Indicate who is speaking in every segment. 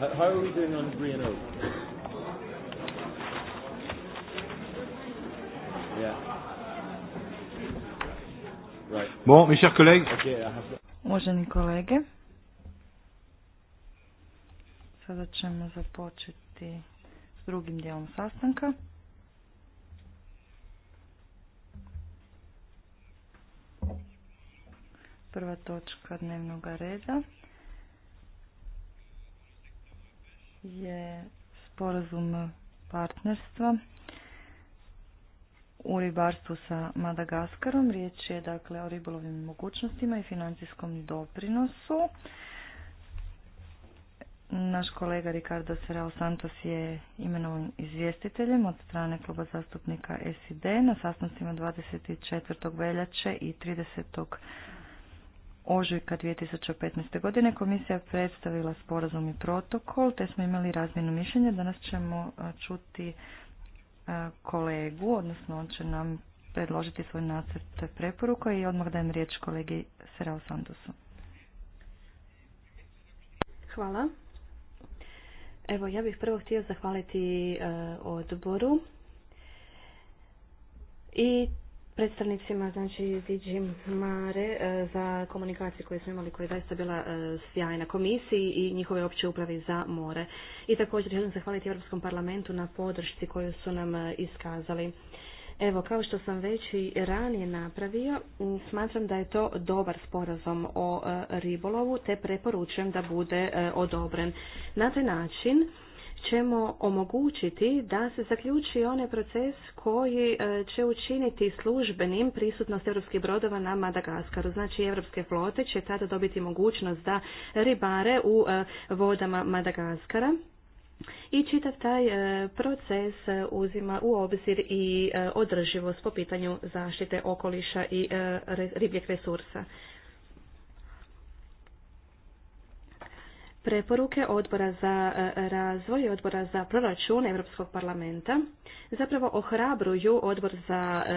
Speaker 1: How are we doing on three and oh? Right. Bon, mes chers collègues.
Speaker 2: Uvaženi kolege, sada ćemo započeti s drugim dijelom sastanka. Prva točka dnevnog reda. je sporazum partnerstva u ribarstvu sa Madagaskarom. Riječ je dakle o ribolovnim mogućnostima i financijskom doprinosu. Naš kolega Ricardo Serao Santos je imenovan izvjestiteljem od strane kluba zastupnika SID na sastancima 24. veljače i 30 ožujka 2015. godine komisija predstavila sporazum i protokol, te smo imali razmjenu mišljenja. Danas ćemo čuti kolegu, odnosno on će nam predložiti svoj nacrt preporuka i odmah dajem riječ kolegi Serao Sandusu.
Speaker 1: Hvala. Evo, ja bih prvo htio zahvaliti e, odboru i predstavnicima znači Diđi Mare e, za komunikaciju koju smo imali koja je zaista bila e, sjajna komisiji i njihove opće upravi za more. I također želim zahvaliti Europskom parlamentu na podršci koju su nam e, iskazali. Evo, kao što sam već i ranije napravio, smatram da je to dobar sporazum o ribolovu, te preporučujem da bude odobren. Na taj način, ćemo omogućiti da se zaključi onaj proces koji e, će učiniti službenim prisutnost europskih brodova na Madagaskaru. Znači, europske flote će tada dobiti mogućnost da ribare u e, vodama Madagaskara. I čitav taj e, proces uzima u obzir i održivost po pitanju zaštite okoliša i ribljeg resursa. preporuke odbora za e, razvoj i odbora za proračun Europskog parlamenta zapravo ohrabruju odbor za e,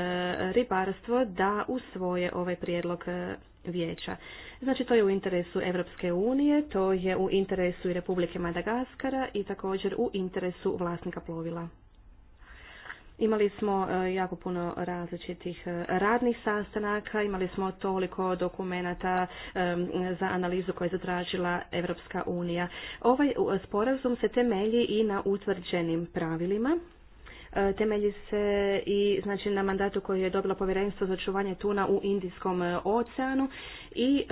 Speaker 1: ribarstvo da usvoje ovaj prijedlog e, vijeća. Znači to je u interesu Europske unije, to je u interesu i Republike Madagaskara i također u interesu vlasnika plovila. Imali smo e, jako puno različitih e, radnih sastanaka, imali smo toliko dokumenata e, za analizu koje je zatražila Evropska unija. Ovaj sporazum se temelji i na utvrđenim pravilima temelji se i znači na mandatu koji je dobila povjerenstvo za čuvanje tuna u Indijskom oceanu i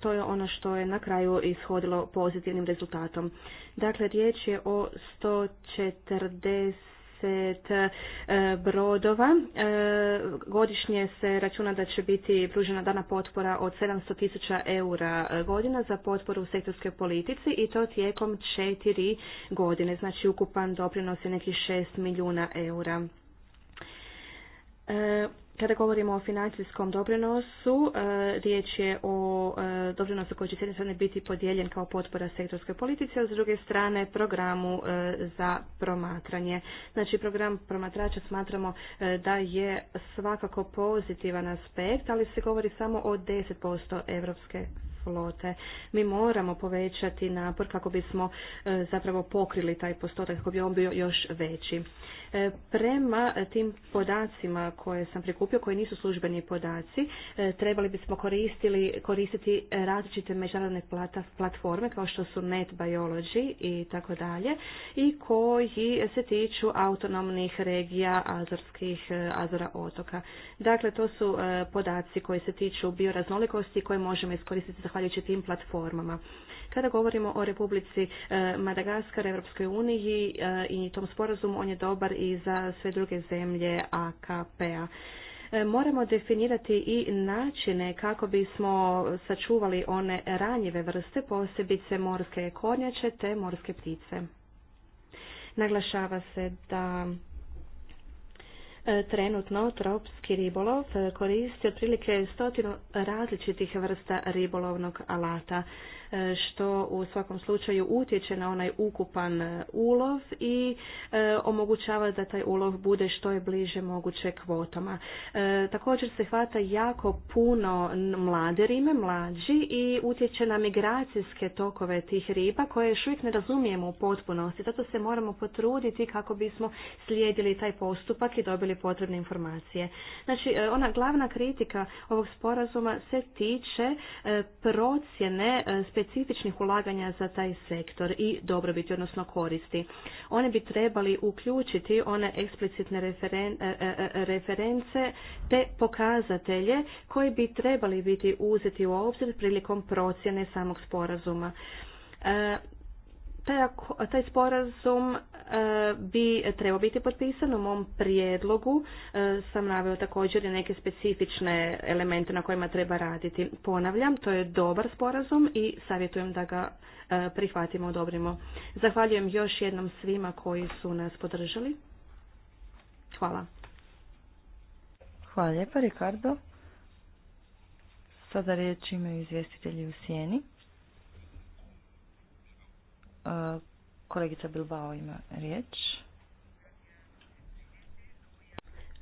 Speaker 1: to je ono što je na kraju ishodilo pozitivnim rezultatom. Dakle, riječ je o 140 Eh, brodova. Eh, godišnje se računa da će biti pružena dana potpora od 700 tisuća eura eh, godina za potporu u sektorskoj politici i to tijekom četiri godine. Znači ukupan doprinos je nekih 6 milijuna eura. Kada govorimo o financijskom doprinosu, e, riječ je o e, doprinosu koji će s jedne strane biti podijeljen kao potpora sektorskoj politici, a s druge strane programu e, za promatranje. Znači program promatrača smatramo da je svakako pozitivan aspekt, ali se govori samo o 10% evropske flote. Mi moramo povećati napor kako bismo zapravo pokrili taj postotak, kako bi on bio još veći. E, prema tim podacima koje sam prikupio, koji nisu službeni podaci, e, trebali bismo koristili, koristiti različite međunarodne platforme kao što su Net i tako dalje i koji se tiču autonomnih regija Azorskih, e, Azora otoka. Dakle, to su podaci koji se tiču bioraznolikosti koje možemo iskoristiti zahvaljujući tim platformama. Kada govorimo o Republici Madagaskar, Europskoj uniji i tom sporazumu, on je dobar i za sve druge zemlje AKP-a e, moramo definirati i načine kako bismo sačuvali one ranjive vrste, posebice morske kornjače te morske ptice. Naglašava se da e, trenutno tropski ribolov koristi otprilike stotinu različitih vrsta ribolovnog alata. E, što u svakom slučaju utječe na onaj ukupan e, ulov i e, omogućava da taj ulov bude što je bliže moguće kvotama. Također se hvata jako puno mlade rime, mlađi i utječe na migracijske tokove tih riba koje još uvijek ne razumijemo u potpunosti. Zato se moramo potruditi kako bismo slijedili taj postupak i dobili potrebne informacije. Znači, ona glavna kritika ovog sporazuma se tiče procjene specifičnih ulaganja za taj sektor i dobrobiti, odnosno koristi. one bi trebali uključiti one eksplicitne e, e, e, reference te pokazatelje koji bi trebali biti uzeti u obzir prilikom procjene samog sporazuma. Taj, taj sporazum bi trebao biti potpisan. U mom prijedlogu e, sam naveo također i neke specifične elemente na kojima treba raditi. Ponavljam, to je dobar sporazum i savjetujem da ga e, prihvatimo, odobrimo. Zahvaljujem još jednom svima koji su nas podržali. Hvala.
Speaker 2: Hvala lijepa, Ricardo. Sada riječ imaju izvjestitelji u sjeni. E,
Speaker 1: Kolegica Bilbao ima riječ.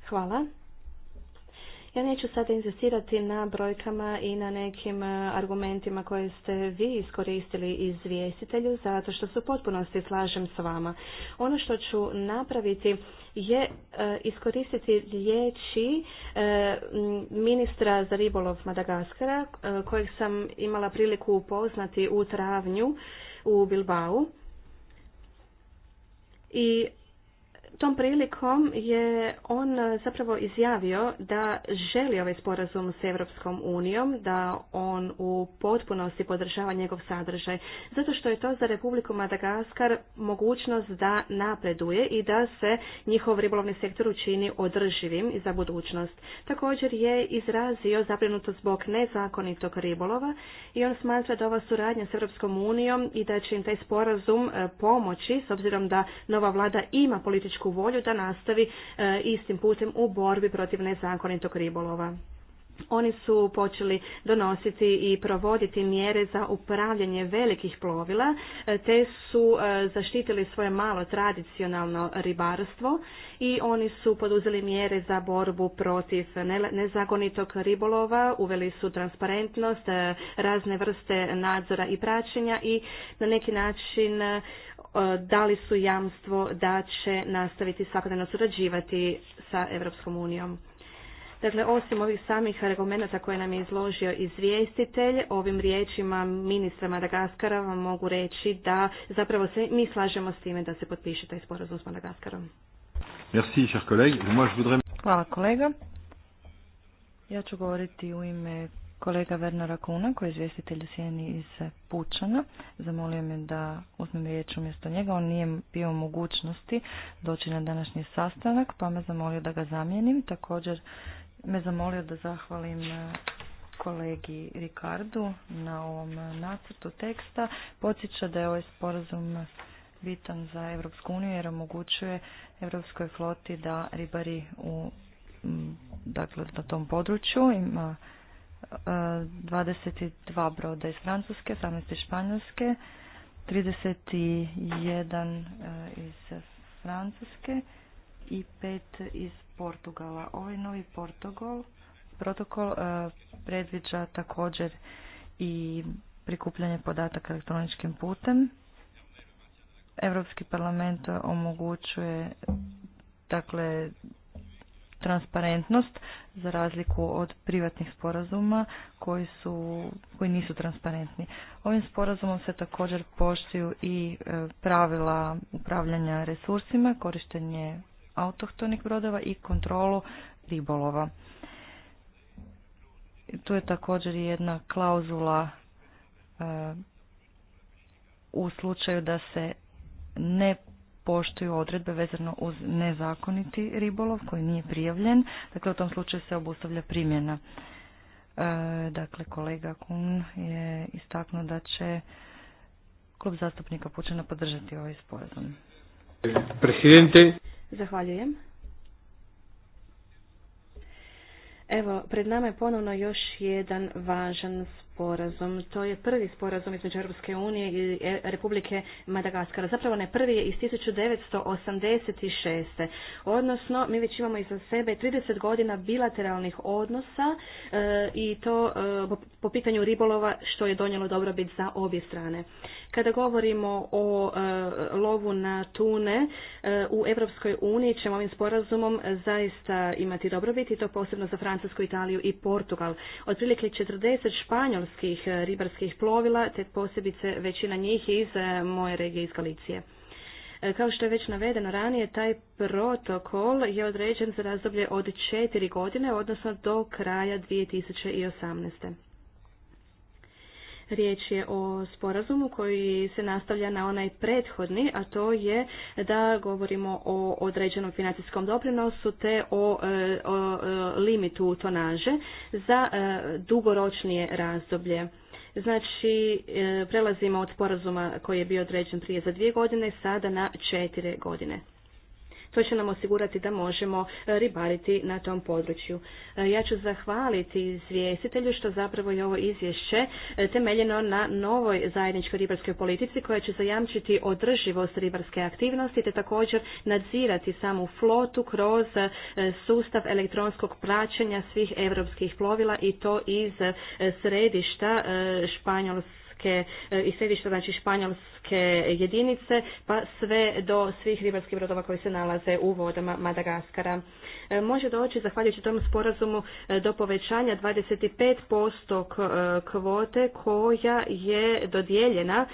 Speaker 1: Hvala. Ja neću sada insistirati na brojkama i na nekim e, argumentima koje ste vi iskoristili izvjestitelju, zato što se u potpunosti slažem s vama. Ono što ću napraviti je e, iskoristiti riječi e, ministra za ribolov Madagaskara, kojeg sam imala priliku upoznati u travnju u Bilbao i Tom prilikom je on e, zapravo izjavio da želi ovaj sporazum s Europskom unijom, da on u potpunosti podržava njegov sadržaj, zato što je to za Republiku Madagaskar mogućnost da napreduje i da se njihov ribolovni sektor učini održivim za budućnost. Također je izrazio zabrinutost zbog nezakonitog ribolova i on smatra da ova suradnja s Europskom unijom i da će im taj sporazum e, pomoći s obzirom da nova vlada ima političku volju da nastavi e, istim putem u borbi protiv nezakonitog ribolova. Oni su počeli donositi i provoditi mjere za upravljanje velikih plovila, e, te su e, zaštitili svoje malo tradicionalno ribarstvo i oni su poduzeli mjere za borbu protiv nezakonitog ribolova, uveli su transparentnost, razne vrste nadzora i praćenja i na neki način E, dali su jamstvo da će nastaviti svakodnevno surađivati sa Europskom unijom. Dakle, osim ovih samih argumenta koje nam je izložio izvjestitelj, ovim riječima ministra Madagaskara vam mogu reći da zapravo se mi slažemo s time da se potpiše taj sporazum s Madagaskarom. Merci, cher collègue.
Speaker 2: Hvala kolega. Ja ću govoriti u ime kolega Vernara Kuna, koji je izvjestitelj sjeni iz Pučana. Zamolio me da uzmem riječ umjesto njega. On nije bio u mogućnosti doći na današnji sastanak, pa me zamolio da ga zamijenim. Također me zamolio da zahvalim e, kolegi Rikardu na ovom nacrtu teksta. Podsjeća da je ovaj sporazum bitan za Europsku uniju jer omogućuje Europskoj floti da ribari u dakle, na tom području ima 22 broda iz Francuske, 18 iz Španjolske, 31 eh, iz Francuske i 5 iz Portugala. Ovaj novi Portugal, protokol eh, predviđa također i prikupljanje podataka elektroničkim putem. Europski parlament omogućuje dakle transparentnost za razliku od privatnih sporazuma koji, su, koji nisu transparentni. Ovim sporazumom se također poštuju i e, pravila upravljanja resursima, korištenje autohtonih brodova i kontrolu ribolova. Tu je također jedna klauzula e, u slučaju da se ne poštuju odredbe vezano uz nezakoniti ribolov koji nije prijavljen. Dakle, u tom slučaju se obustavlja primjena. E, dakle, kolega Kun je istaknuo da će klub zastupnika Pučana podržati ovaj sporazum.
Speaker 1: Presidente. Zahvaljujem. Evo, pred nama je ponovno još jedan važan sporazum. To je prvi sporazum između Europske unije i Republike Madagaskara. Zapravo ne prvi je iz 1986. Odnosno, mi već imamo iza sebe 30 godina bilateralnih odnosa eh, i to eh, po pitanju ribolova što je donijelo dobrobit za obje strane. Kada govorimo o eh, lovu na tune u Europskoj uniji ćemo ovim sporazumom zaista imati dobrobit i to posebno za Francusku, Italiju i Portugal. Otprilike 40 španjolskih francuskih e, ribarskih plovila, te posebice većina njih iz e, moje regije iz Galicije. E, kao što je već navedeno ranije, taj protokol je određen za razdoblje od četiri godine, odnosno do kraja 2018. Riječ je o sporazumu koji se nastavlja na onaj prethodni, a to je da govorimo o određenom financijskom doprinosu te o, e, e, limitu tonaže za e, dugoročnije razdoblje. Znači, prelazimo od sporazuma koji je bio određen prije za dvije godine, sada na četiri godine. To će nam osigurati da možemo e, ribariti na tom području. E, ja ću zahvaliti izvjestitelju što zapravo je ovo izvješće e, temeljeno na novoj zajedničkoj ribarskoj politici koja će zajamčiti održivost ribarske aktivnosti te također nadzirati samu flotu kroz sustav elektronskog praćenja svih europskih plovila i to iz središta Španjolske ribarske e, i središta, znači španjolske jedinice, pa sve do svih ribarskih brodova koji se nalaze u vodama Madagaskara. E, može doći, zahvaljujući tom sporazumu, e, do povećanja 25% kvote koja je dodijeljena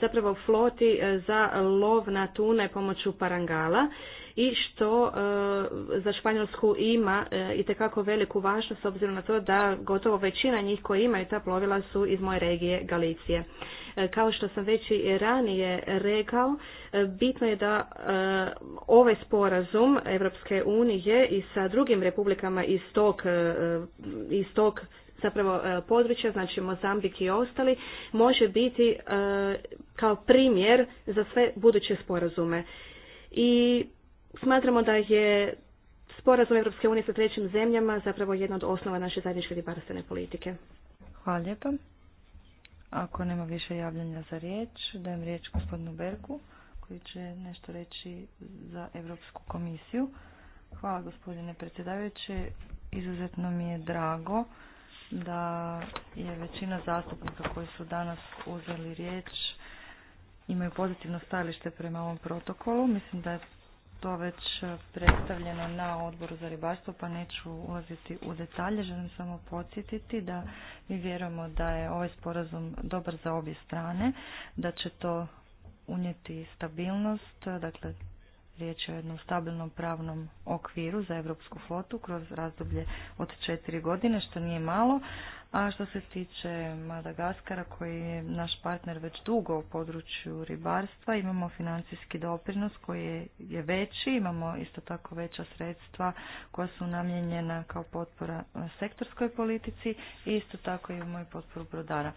Speaker 1: zapravo floti za lov na tune pomoću parangala i što e, za Španjolsku ima e, itekako veliku važnost s obzirom na to da gotovo većina njih koji imaju ta plovila su iz moje regije Galicije. E, kao što sam već i ranije rekao, bitno je da ovaj sporazum Evropske unije i sa drugim republikama iz tog, iz tog zapravo područja, znači Mozambik i ostali, može biti kao primjer za sve buduće sporazume. I Smatramo da je sporazum Europske unije sa trećim zemljama zapravo jedna od osnova naše zajedničke ribarstvene politike. Hvala lijepa. Ako nema više javljanja za riječ, dajem riječ gospodinu
Speaker 2: Berku koji će nešto reći za Europsku komisiju. Hvala gospodine predsjedavajući. Izuzetno mi je drago da je većina zastupnika koji su danas uzeli riječ imaju pozitivno stajalište prema ovom protokolu. Mislim da je to već predstavljeno na odboru za ribarstvo, pa neću ulaziti u detalje. Želim samo podsjetiti da mi vjerujemo da je ovaj sporazum dobar za obje strane, da će to unijeti stabilnost, dakle Riječ je o jednom stabilnom pravnom okviru za Evropsku flotu kroz razdoblje od četiri godine, što nije malo. A što se tiče Madagaskara, koji je naš partner već dugo u području ribarstva, imamo financijski doprinos koji je veći, imamo isto tako veća sredstva koja su namjenjena kao potpora sektorskoj politici i isto tako imamo i potporu brodara.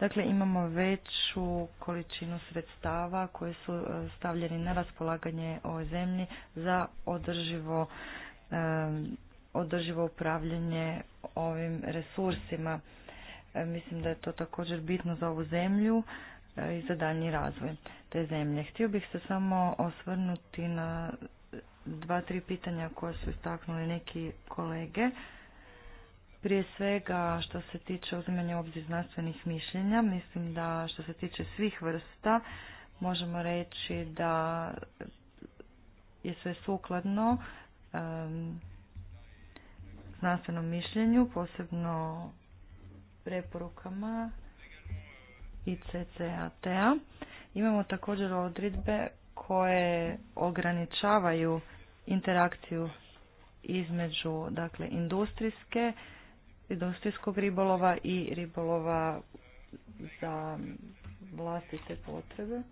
Speaker 2: Dakle, imamo veću količinu sredstava koje su e, stavljeni na raspolaganje ovoj zemlji za održivo e, održivo upravljanje ovim resursima. E, mislim da je to također bitno za ovu zemlju i za daljnji razvoj te zemlje. Htio bih se samo osvrnuti na dva, tri pitanja koja su istaknuli neki kolege. Prije svega što se tiče uzimanja obzir znanstvenih mišljenja, mislim da što se tiče svih vrsta možemo reći da je sve sukladno znanstvenom mišljenju, posebno preporukama ccat a Imamo također odredbe koje ograničavaju interakciju između dakle industrijske industrijskog ribolova i ribolova za vlastite potrebe.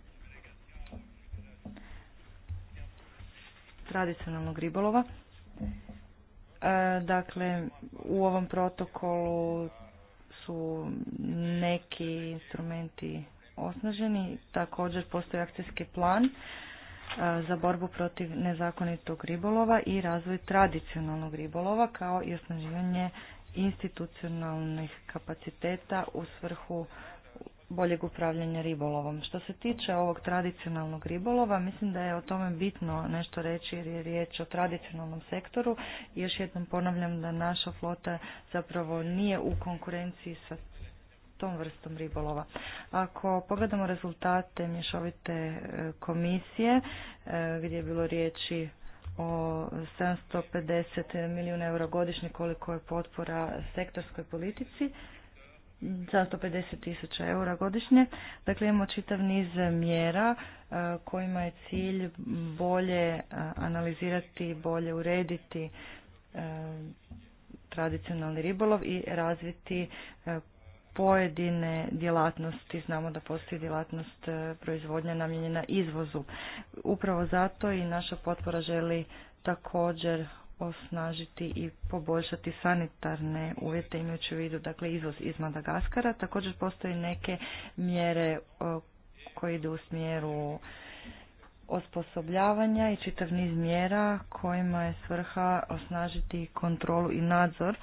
Speaker 2: Tradicionalnog ribolova. E, dakle, u ovom protokolu su neki instrumenti osnaženi. Također postoji akcijski plan e, za borbu protiv nezakonitog ribolova i razvoj tradicionalnog ribolova kao i osnaživanje institucionalnih kapaciteta u svrhu boljeg upravljanja ribolovom. Što se tiče ovog tradicionalnog ribolova, mislim da je o tome bitno nešto reći jer je riječ o tradicionalnom sektoru. I još jednom ponavljam da naša flota zapravo nije u konkurenciji sa tom vrstom ribolova. Ako pogledamo rezultate mješovite e, komisije, e, gdje je bilo riječi o 750 milijuna eura godišnje koliko je potpora sektorskoj politici. 750 tisuća eura godišnje. Dakle, imamo čitav niz mjera e, kojima je cilj bolje e, analizirati, bolje urediti e, tradicionalni ribolov i razviti pojedine djelatnosti, znamo da postoji djelatnost e, proizvodnja namijenjena izvozu. Upravo zato i naša potpora želi također osnažiti i poboljšati sanitarne uvjete imajući u vidu dakle izvoz iz Madagaskara. Također postoje neke mjere e, koje idu u smjeru osposobljavanja i čitav niz mjera kojima je svrha osnažiti kontrolu i nadzor e,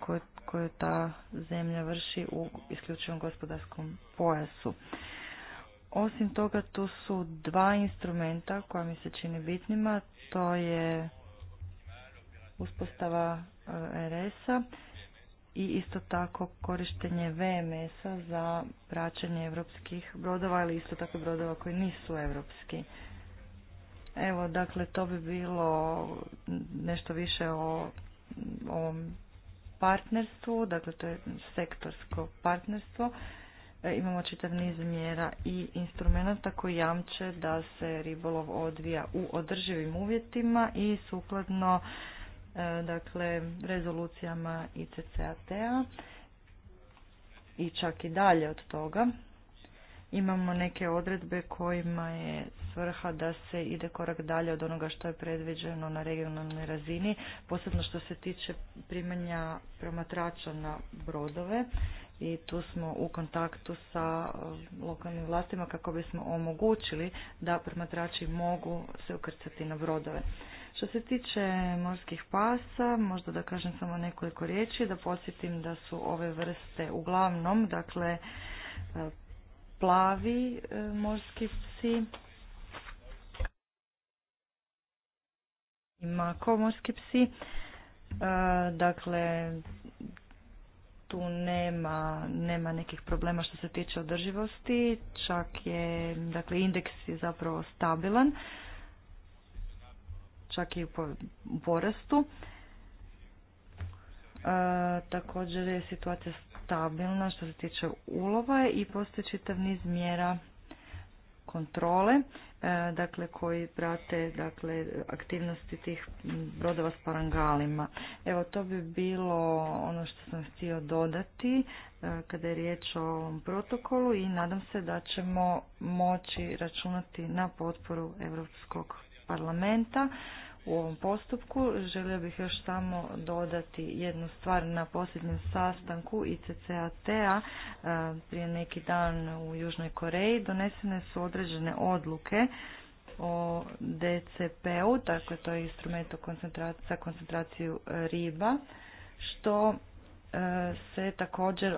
Speaker 2: koje koju ta zemlja vrši u isključivom gospodarskom pojasu. Osim toga tu su dva instrumenta koja mi se čini bitnima, to je uspostava e, RS-a i isto tako korištenje VMS-a za praćenje evropskih brodova ili isto tako brodova koji nisu evropski. Evo, dakle, to bi bilo nešto više o ovom partnerstvu, dakle to je sektorsko partnerstvo. E, imamo čitav niz mjera i instrumenta koji jamče da se ribolov odvija u održivim uvjetima i sukladno e, dakle rezolucijama ICCAT-a i čak i dalje od toga imamo neke odredbe kojima je svrha da se ide korak dalje od onoga što je predviđeno na regionalnoj razini, posebno što se tiče primanja promatrača na brodove i tu smo u kontaktu sa um, lokalnim vlastima kako bismo omogućili da promatrači mogu se ukrcati na brodove. Što se tiče morskih pasa, možda da kažem samo nekoliko riječi, da posjetim da su ove vrste uglavnom, dakle, plavi e, morski psi i morski psi. E, dakle, tu nema, nema nekih problema što se tiče održivosti, čak je, dakle, indeks je zapravo stabilan, čak i u porastu. E, također je situacija stabilna što se tiče ulova i postoji čitav niz mjera kontrole, e, dakle koji prate dakle aktivnosti tih brodova s parangalima. Evo to bi bilo ono što sam htio dodati e, kada je riječ o ovom protokolu i nadam se da ćemo moći računati na potporu Europskog parlamenta u ovom postupku. Želio bih još samo dodati jednu stvar na posljednjem sastanku ICCAT-a e, prije neki dan u Južnoj Koreji. Donesene su određene odluke o DCP-u, dakle to je instrument za koncentraciju riba, što e, se također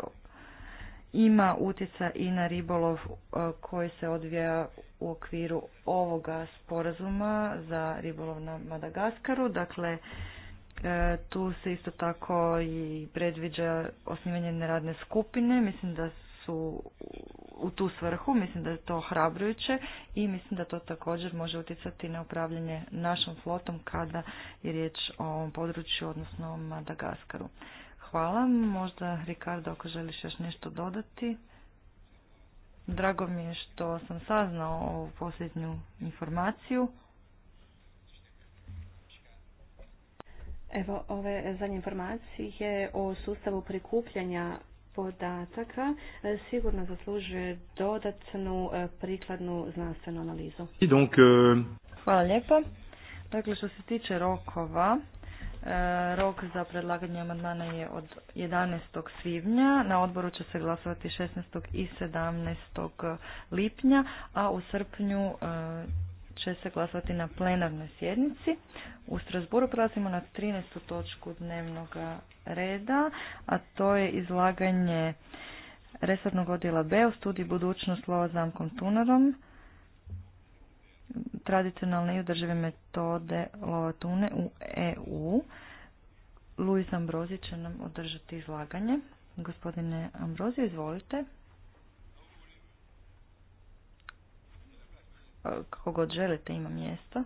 Speaker 2: ima utjeca i na ribolov e, koji se odvija u okviru ovoga sporazuma za ribolov na Madagaskaru. Dakle, e, tu se isto tako i predviđa osnivanje neradne skupine. Mislim da su u tu svrhu, mislim da je to hrabrujuće i mislim da to također može utjecati na upravljanje našom flotom kada je riječ o ovom području, odnosno Madagaskaru. Hvala. Možda, Ricardo, ako želiš još nešto dodati. Drago mi je što sam saznao ovu posljednju informaciju.
Speaker 1: Evo ove zadnje informacije o sustavu prikupljanja podataka e, sigurno zaslužuje dodatnu e, prikladnu znanstvenu analizu. E, Hvala lijepo. Dakle, što se tiče rokova, E,
Speaker 2: rok za predlaganje amandmana je od 11. svibnja, na odboru će se glasovati 16. i 17. lipnja, a u srpnju e, će se glasovati na plenarnoj sjednici. U Strasburu prelazimo na 13. točku dnevnog reda, a to je izlaganje resornog odjela B u studiji budućnost lova zamkom tunarom tradicionalne i održive metode Lovatune u EU. Luis Ambrozi će nam održati izlaganje. Gospodine Ambrozi, izvolite. E, kako god želite, ima mjesta.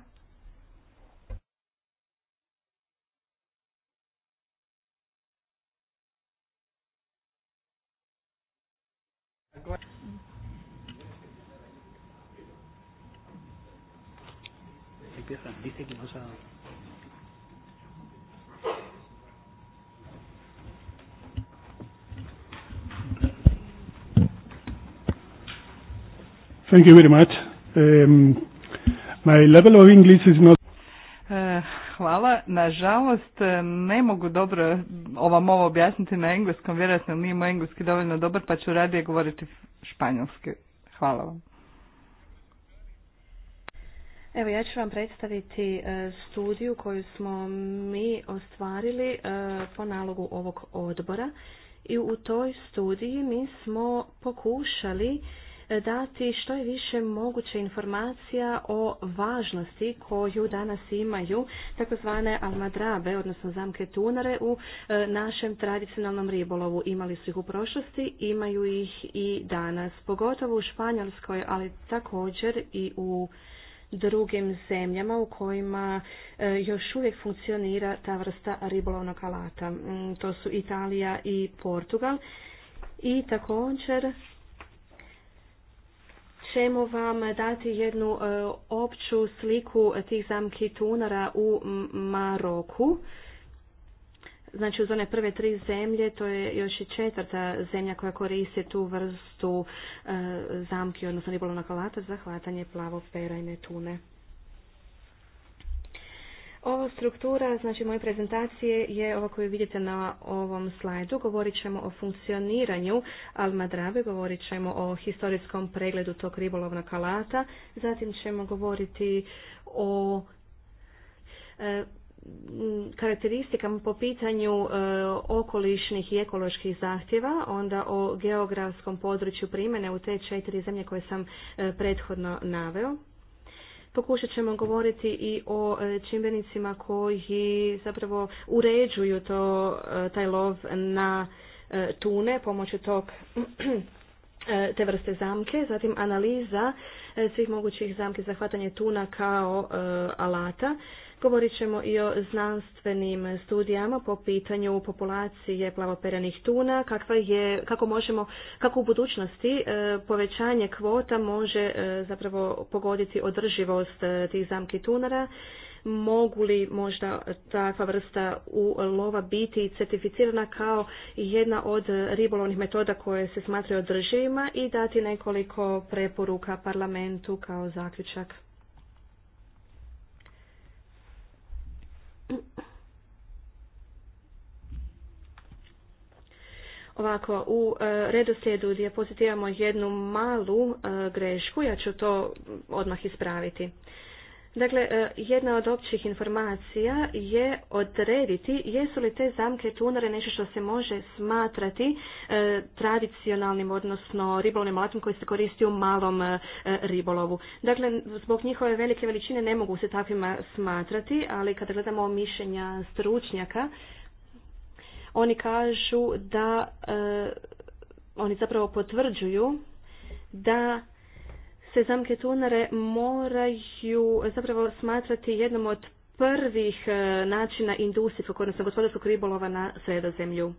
Speaker 1: dice Thank you very much. Um, my level of English is not...
Speaker 2: Eh, hvala. Nažalost, eh, ne mogu dobro ovam ovo objasniti na engleskom. Vjerojatno nije moj engleski dovoljno dobar, pa ću radije govoriti španjolski. Hvala vam.
Speaker 1: Evo ja ću vam predstaviti e, studiju koju smo mi ostvarili e, po nalogu ovog odbora i u toj studiji mi smo pokušali e, dati što je više moguće informacija o važnosti koju danas imaju takozvane almadrabe, odnosno zamke tunare u našem tradicionalnom ribolovu. Imali su ih u prošlosti, imaju ih i danas, pogotovo u Španjolskoj, ali također i u drugim zemljama u kojima e, još uvijek funkcionira ta vrsta ribolovnog alata. Mm, to su Italija i Portugal. I također ćemo vam dati jednu e, opću sliku tih zamki tunara u Maroku. Znači uz one prve tri zemlje to je još i četvrta zemlja koja koristi tu vrstu e, zamki, odnosno ribolovna kalata za hvatanje plavo pera i netune. Ovo struktura, znači moje prezentacije je ovo koju vidite na ovom slajdu. Govorit ćemo o funkcioniranju Almadrave, govorit ćemo o historijskom pregledu tog ribolovnog alata, zatim ćemo govoriti o e, Mm, karakteristikama po pitanju e, okolišnih i ekoloških zahtjeva, onda o geografskom području primjene u te četiri zemlje koje sam e, prethodno naveo. Pokušat ćemo govoriti i o e, čimbenicima koji zapravo uređuju to, taj lov na tune pomoću tog te vrste zamke, zatim analiza svih mogućih zamke za hvatanje tuna kao alata, Govorit ćemo i o znanstvenim studijama po pitanju populacije plavoperenih tuna, kakva je, kako možemo, kako u budućnosti e, povećanje kvota može e, zapravo pogoditi održivost e, tih zamki tunara, mogu li možda takva vrsta u lova biti certificirana kao jedna od ribolovnih metoda koje se smatraju održivima i dati nekoliko preporuka parlamentu kao zaključak. Ovako, u e, redoslijedu dijapozitivamo jednu malu e, grešku, ja ću to odmah ispraviti. Dakle, e, jedna od općih informacija je odrediti jesu li te zamke tunare nešto što se može smatrati e, tradicionalnim, odnosno ribolovnim alatom koji se koristi u malom e, ribolovu. Dakle, zbog njihove velike veličine ne mogu se takvima smatrati, ali kada gledamo mišljenja stručnjaka, oni kažu da, oni zapravo potvrđuju da se zamke tunare moraju zapravo smatrati jednom od prvih e, načina industrijskog, odnosno gospodarskog ribolova na sredozemlju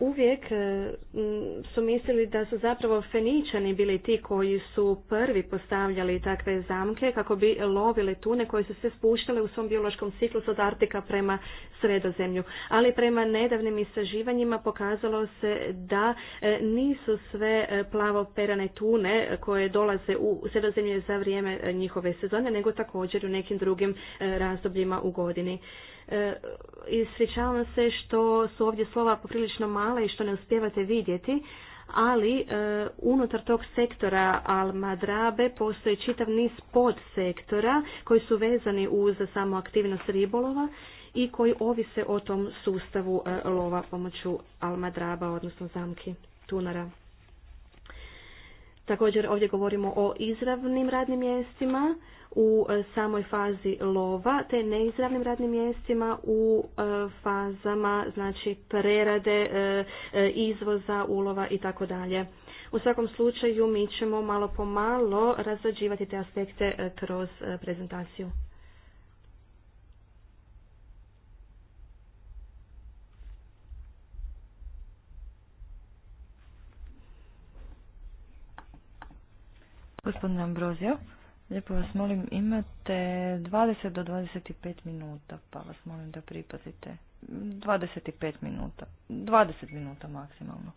Speaker 1: uvijek e, su mislili da su zapravo Feničani bili ti koji su prvi postavljali takve zamke kako bi lovile tune koje su se spuštale u svom biološkom ciklusu od Artika prema Sredozemlju. Ali prema nedavnim istraživanjima pokazalo se da e, nisu sve e, plavo perane tune koje dolaze u Sredozemlje za vrijeme njihove sezone, nego također u nekim drugim razdobljima u godini. E, ispričavam se što su ovdje slova poprilično mala i što ne uspijevate vidjeti, ali e, unutar tog sektora Almadrabe postoji čitav niz podsektora koji su vezani uz samo aktivnost ribolova i koji ovise o tom sustavu e, lova pomoću Almadraba, odnosno zamki tunara. Također ovdje govorimo o izravnim radnim mjestima u e, samoj fazi lova te neizravnim radnim mjestima u e, fazama znači prerade e, izvoza ulova i tako dalje. U svakom slučaju mi ćemo malo po malo razrađivati te aspekte kroz prezentaciju.
Speaker 2: Gospodine Ambrozio, lijepo vas molim, imate 20 do 25 minuta, pa vas molim da pripazite. 25 minuta, 20 minuta maksimalno.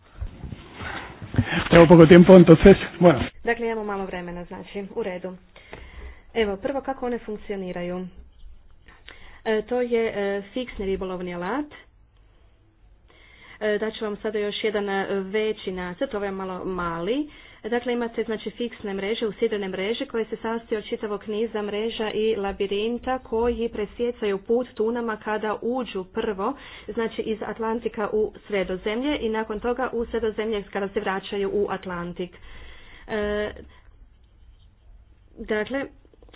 Speaker 1: Evo poco tiempo, entonces, bueno. Dakle, imamo malo vremena, znači, u redu. Evo, prvo kako one funkcioniraju. E, to je e, fiksni ribolovni alat, e, Daću vam sada još jedan veći nacrt, ovaj je malo mali. Dakle, imate znači fiksne mreže, usidrene mreže koje se sastoje od čitavog niza mreža i labirinta koji presjecaju put tunama kada uđu prvo, znači iz Atlantika u Sredozemlje i nakon toga u Sredozemlje kada se vraćaju u Atlantik. E, dakle,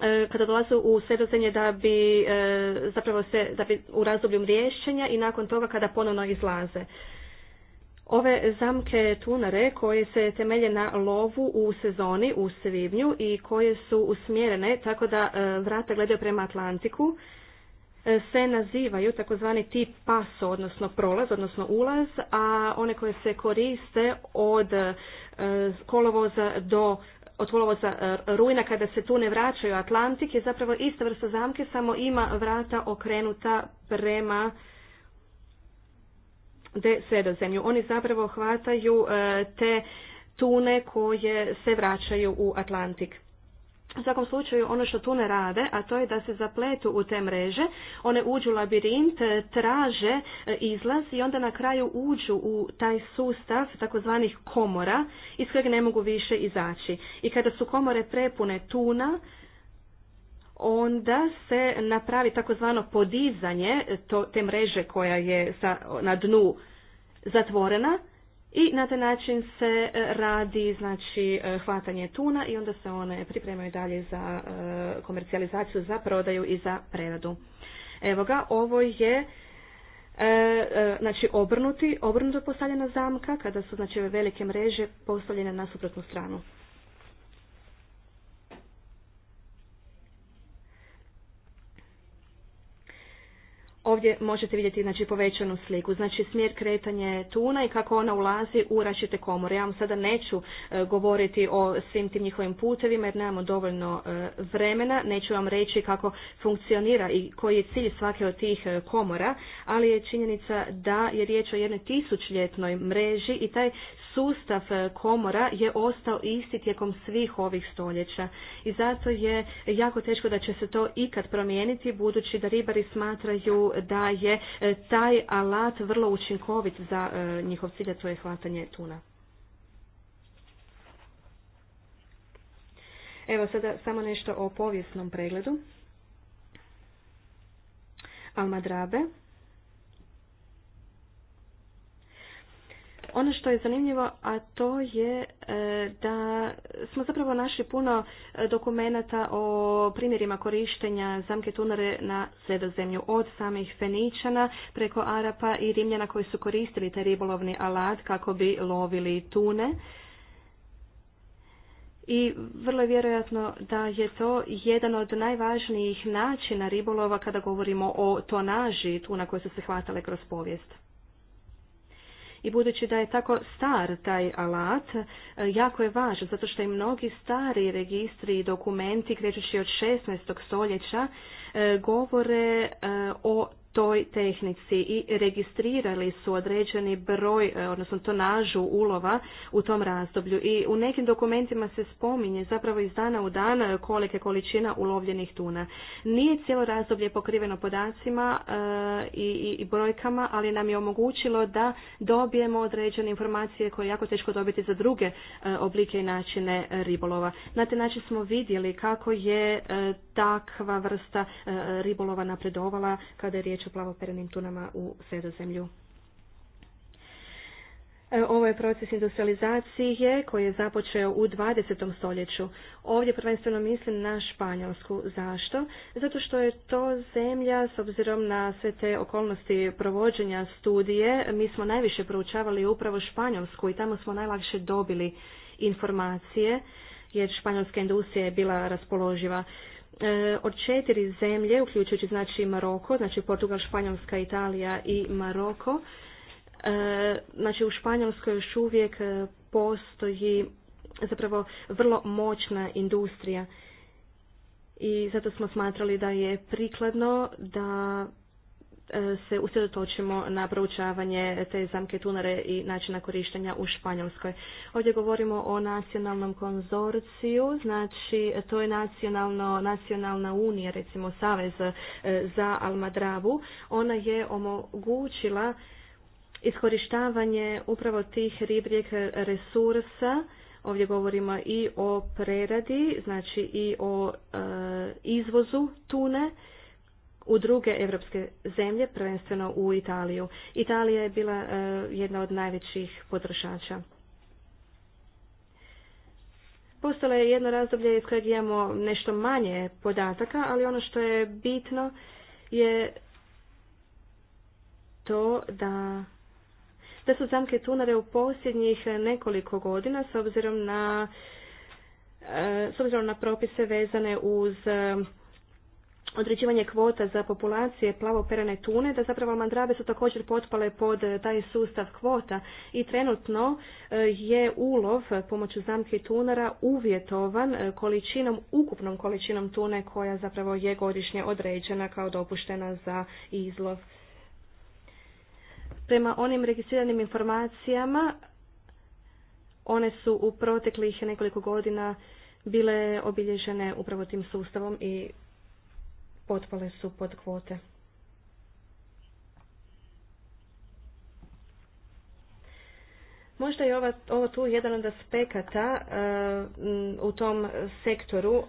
Speaker 1: e, kada dolaze u sredozemlje da bi e, zapravo se da bi u razdoblju mriješćenja i nakon toga kada ponovno izlaze ove zamke tunare koje se temelje na lovu u sezoni u svibnju i koje su usmjerene tako da e, vrata gledaju prema Atlantiku e, se nazivaju takozvani tip paso, odnosno prolaz, odnosno ulaz, a one koje se koriste od e, kolovoza do od kolovoza rujna kada se tu ne vraćaju Atlantik je zapravo ista vrsta zamke, samo ima vrata okrenuta prema de Oni zapravo hvataju e, te tune koje se vraćaju u Atlantik. U svakom slučaju ono što tune rade, a to je da se zapletu u te mreže, one uđu u labirint, traže e, izlaz i onda na kraju uđu u taj sustav takozvanih komora iz kojeg ne mogu više izaći. I kada su komore prepune tuna, onda se napravi takozvano podizanje to, te mreže koja je sa, na dnu zatvorena i na taj način se e, radi znači e, hvatanje tuna i onda se one pripremaju dalje za e, komercijalizaciju, za prodaju i za preradu. Evo ga, ovo je znači obrnuti, obrnuto postavljena zamka kada su znači ove velike mreže postavljene na suprotnu stranu. Ovdje možete vidjeti znači, povećanu sliku, znači smjer kretanje tuna i kako ona ulazi u račite komore. Ja vam sada neću e, govoriti o svim tim njihovim putevima jer nemamo dovoljno e, vremena, neću vam reći kako funkcionira i koji je cilj svake od tih e, komora, ali je činjenica da je riječ o jednoj tisućljetnoj mreži i taj sustav e, komora je ostao isti tijekom svih ovih stoljeća i zato je jako teško da će se to ikad promijeniti budući da ribari smatraju da je e, taj alat vrlo učinkovit za e, njihov cilj, a to je hvatanje tuna. Evo sada samo nešto o povijesnom pregledu. Almadrabe. Ono što je zanimljivo, a to je e, da smo zapravo našli puno e, dokumenata o primjerima korištenja zamke tunare na sredozemlju od samih Feničana preko Arapa i Rimljana koji su koristili taj ribolovni alat kako bi lovili tune. I vrlo je vjerojatno da je to jedan od najvažnijih načina ribolova kada govorimo o tonaži tuna koje su se hvatale kroz povijest i budući da je tako star taj alat, e, jako je važan, zato što i mnogi stari registri i dokumenti, krećući od 16. stoljeća, e, govore e, o toj tehnici i registrirali su određeni broj, e, odnosno tonažu ulova u tom razdoblju i u nekim dokumentima se spominje zapravo iz dana u dan e, kolike količina ulovljenih tuna. Nije cijelo razdoblje pokriveno podacima e, i brojkama, ali nam je omogućilo da dobijemo određene informacije koje je jako teško dobiti za druge oblike i načine ribolova. Na taj način smo vidjeli kako je takva vrsta ribolova napredovala kada je riječ u plavoperenim tunama u sredozemlju. E, ovo je proces industrializacije koji je započeo u 20. stoljeću. Ovdje prvenstveno mislim na Španjolsku. Zašto? Zato što je to zemlja, s obzirom na sve te okolnosti provođenja studije, mi smo najviše proučavali upravo Španjolsku i tamo smo najlakše dobili informacije, jer španjolska industrija je bila raspoloživa. E, od četiri zemlje, uključujući znači Maroko, znači Portugal, Španjolska, Italija i Maroko, e, znači u Španjolskoj još uvijek e, postoji zapravo vrlo moćna industrija i zato smo smatrali da je prikladno da E, se usredotočimo na proučavanje te zamke tunare i načina korištenja u Španjolskoj. Ovdje govorimo o nacionalnom konzorciju, znači to je nacionalno, nacionalna unija, recimo Savez e, za Almadravu. Ona je omogućila iskorištavanje upravo tih ribljeg resursa, ovdje govorimo i o preradi, znači i o e, izvozu tune, u druge evropske zemlje, prvenstveno u Italiju. Italija je bila e, jedna od najvećih potrošača. Postalo je jedno razdoblje iz kojeg imamo nešto manje podataka, ali ono što je bitno je to da da su zamke tunare u posljednjih nekoliko godina s obzirom na e, s obzirom na propise vezane uz određivanje kvota za populacije plavoperane tune, da zapravo mandrabe su također potpale pod taj sustav kvota i trenutno e, je ulov pomoću zamke tunara uvjetovan e, količinom, ukupnom količinom tune koja zapravo je godišnje određena kao dopuštena za izlov. Prema onim registriranim informacijama, one su u proteklih nekoliko godina bile obilježene upravo tim sustavom i potpale su pod kvote. Možda je ova, ovo tu jedan od aspekata e, u tom sektoru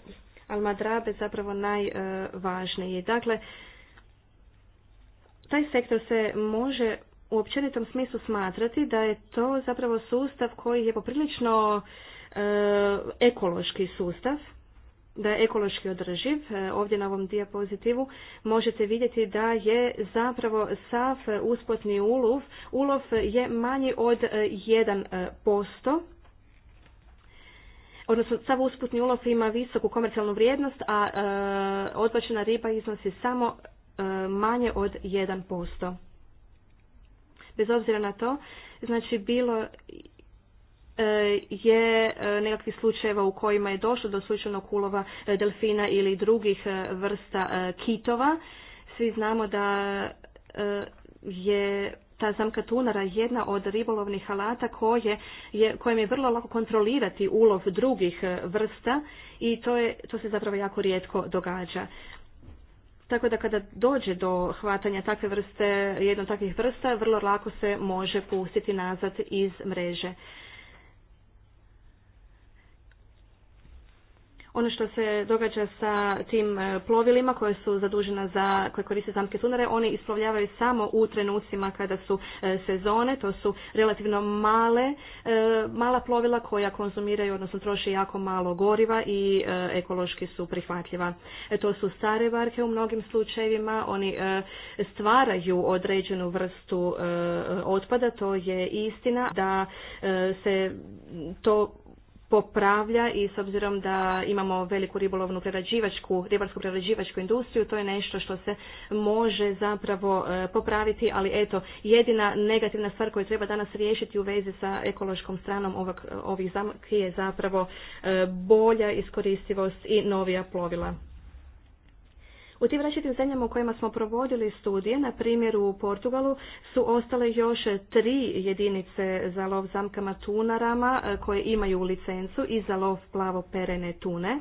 Speaker 1: Almadrabe zapravo najvažniji. dakle, taj sektor se može u općenitom smislu smatrati da je to zapravo sustav koji je poprilično e, ekološki sustav da je ekološki održiv. E, ovdje na ovom diapozitivu možete vidjeti da je zapravo sav usputni ulov, ulov je manji od 1%. E, e, Odnosno, sav usputni ulov ima visoku komercijalnu vrijednost, a odbačena riba iznosi samo manje od 1%. Bez obzira na to, znači bilo E, je e, nekakvih slučajeva u kojima je došlo do slučajnog ulova e, delfina ili drugih vrsta kitova. Svi znamo da je ta zamka tunara jedna od ribolovnih alata koje je, kojim je vrlo lako kontrolirati ulov drugih vrsta i to, je, to se zapravo jako rijetko događa. Tako da kada dođe do hvatanja takve vrste, jedno takvih vrsta, vrlo lako se može pustiti nazad iz mreže. ono što se događa sa tim e, plovilima koje su zadužena za, koje koriste zamke tunare, oni isplovljavaju samo u trenucima kada su e, sezone, to su relativno male, e, mala plovila koja konzumiraju, odnosno troše jako malo goriva i ekološki su prihvatljiva. To su stare barke u mnogim slučajevima, oni stvaraju određenu vrstu otpada, to je istina da se to popravlja i s obzirom da imamo veliku ribolovnu prerađivačku, ribarsku prerađivačku industriju, to je nešto što se može zapravo e, popraviti, ali eto, jedina negativna stvar koju treba danas riješiti u vezi sa ekološkom stranom ovih zamki je zapravo e, bolja iskoristivost i novija plovila. U tim različitim zemljama u kojima smo provodili studije, na primjer u Portugalu, su ostale još tri jedinice za lov zamkama tunarama e, koje imaju licencu i za lov plavo perene tune.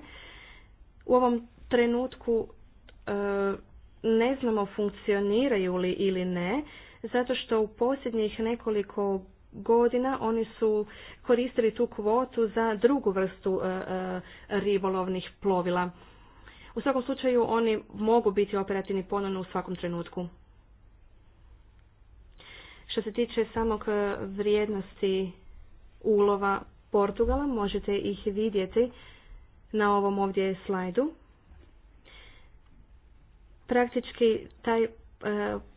Speaker 1: U ovom trenutku e, ne znamo funkcioniraju li ili ne, zato što u posljednjih nekoliko godina oni su koristili tu kvotu za drugu vrstu e, ribolovnih plovila u svakom slučaju oni mogu biti operativni ponovno u svakom trenutku. Što se tiče samog e, vrijednosti ulova Portugala, možete ih vidjeti na ovom ovdje slajdu. Praktički taj e,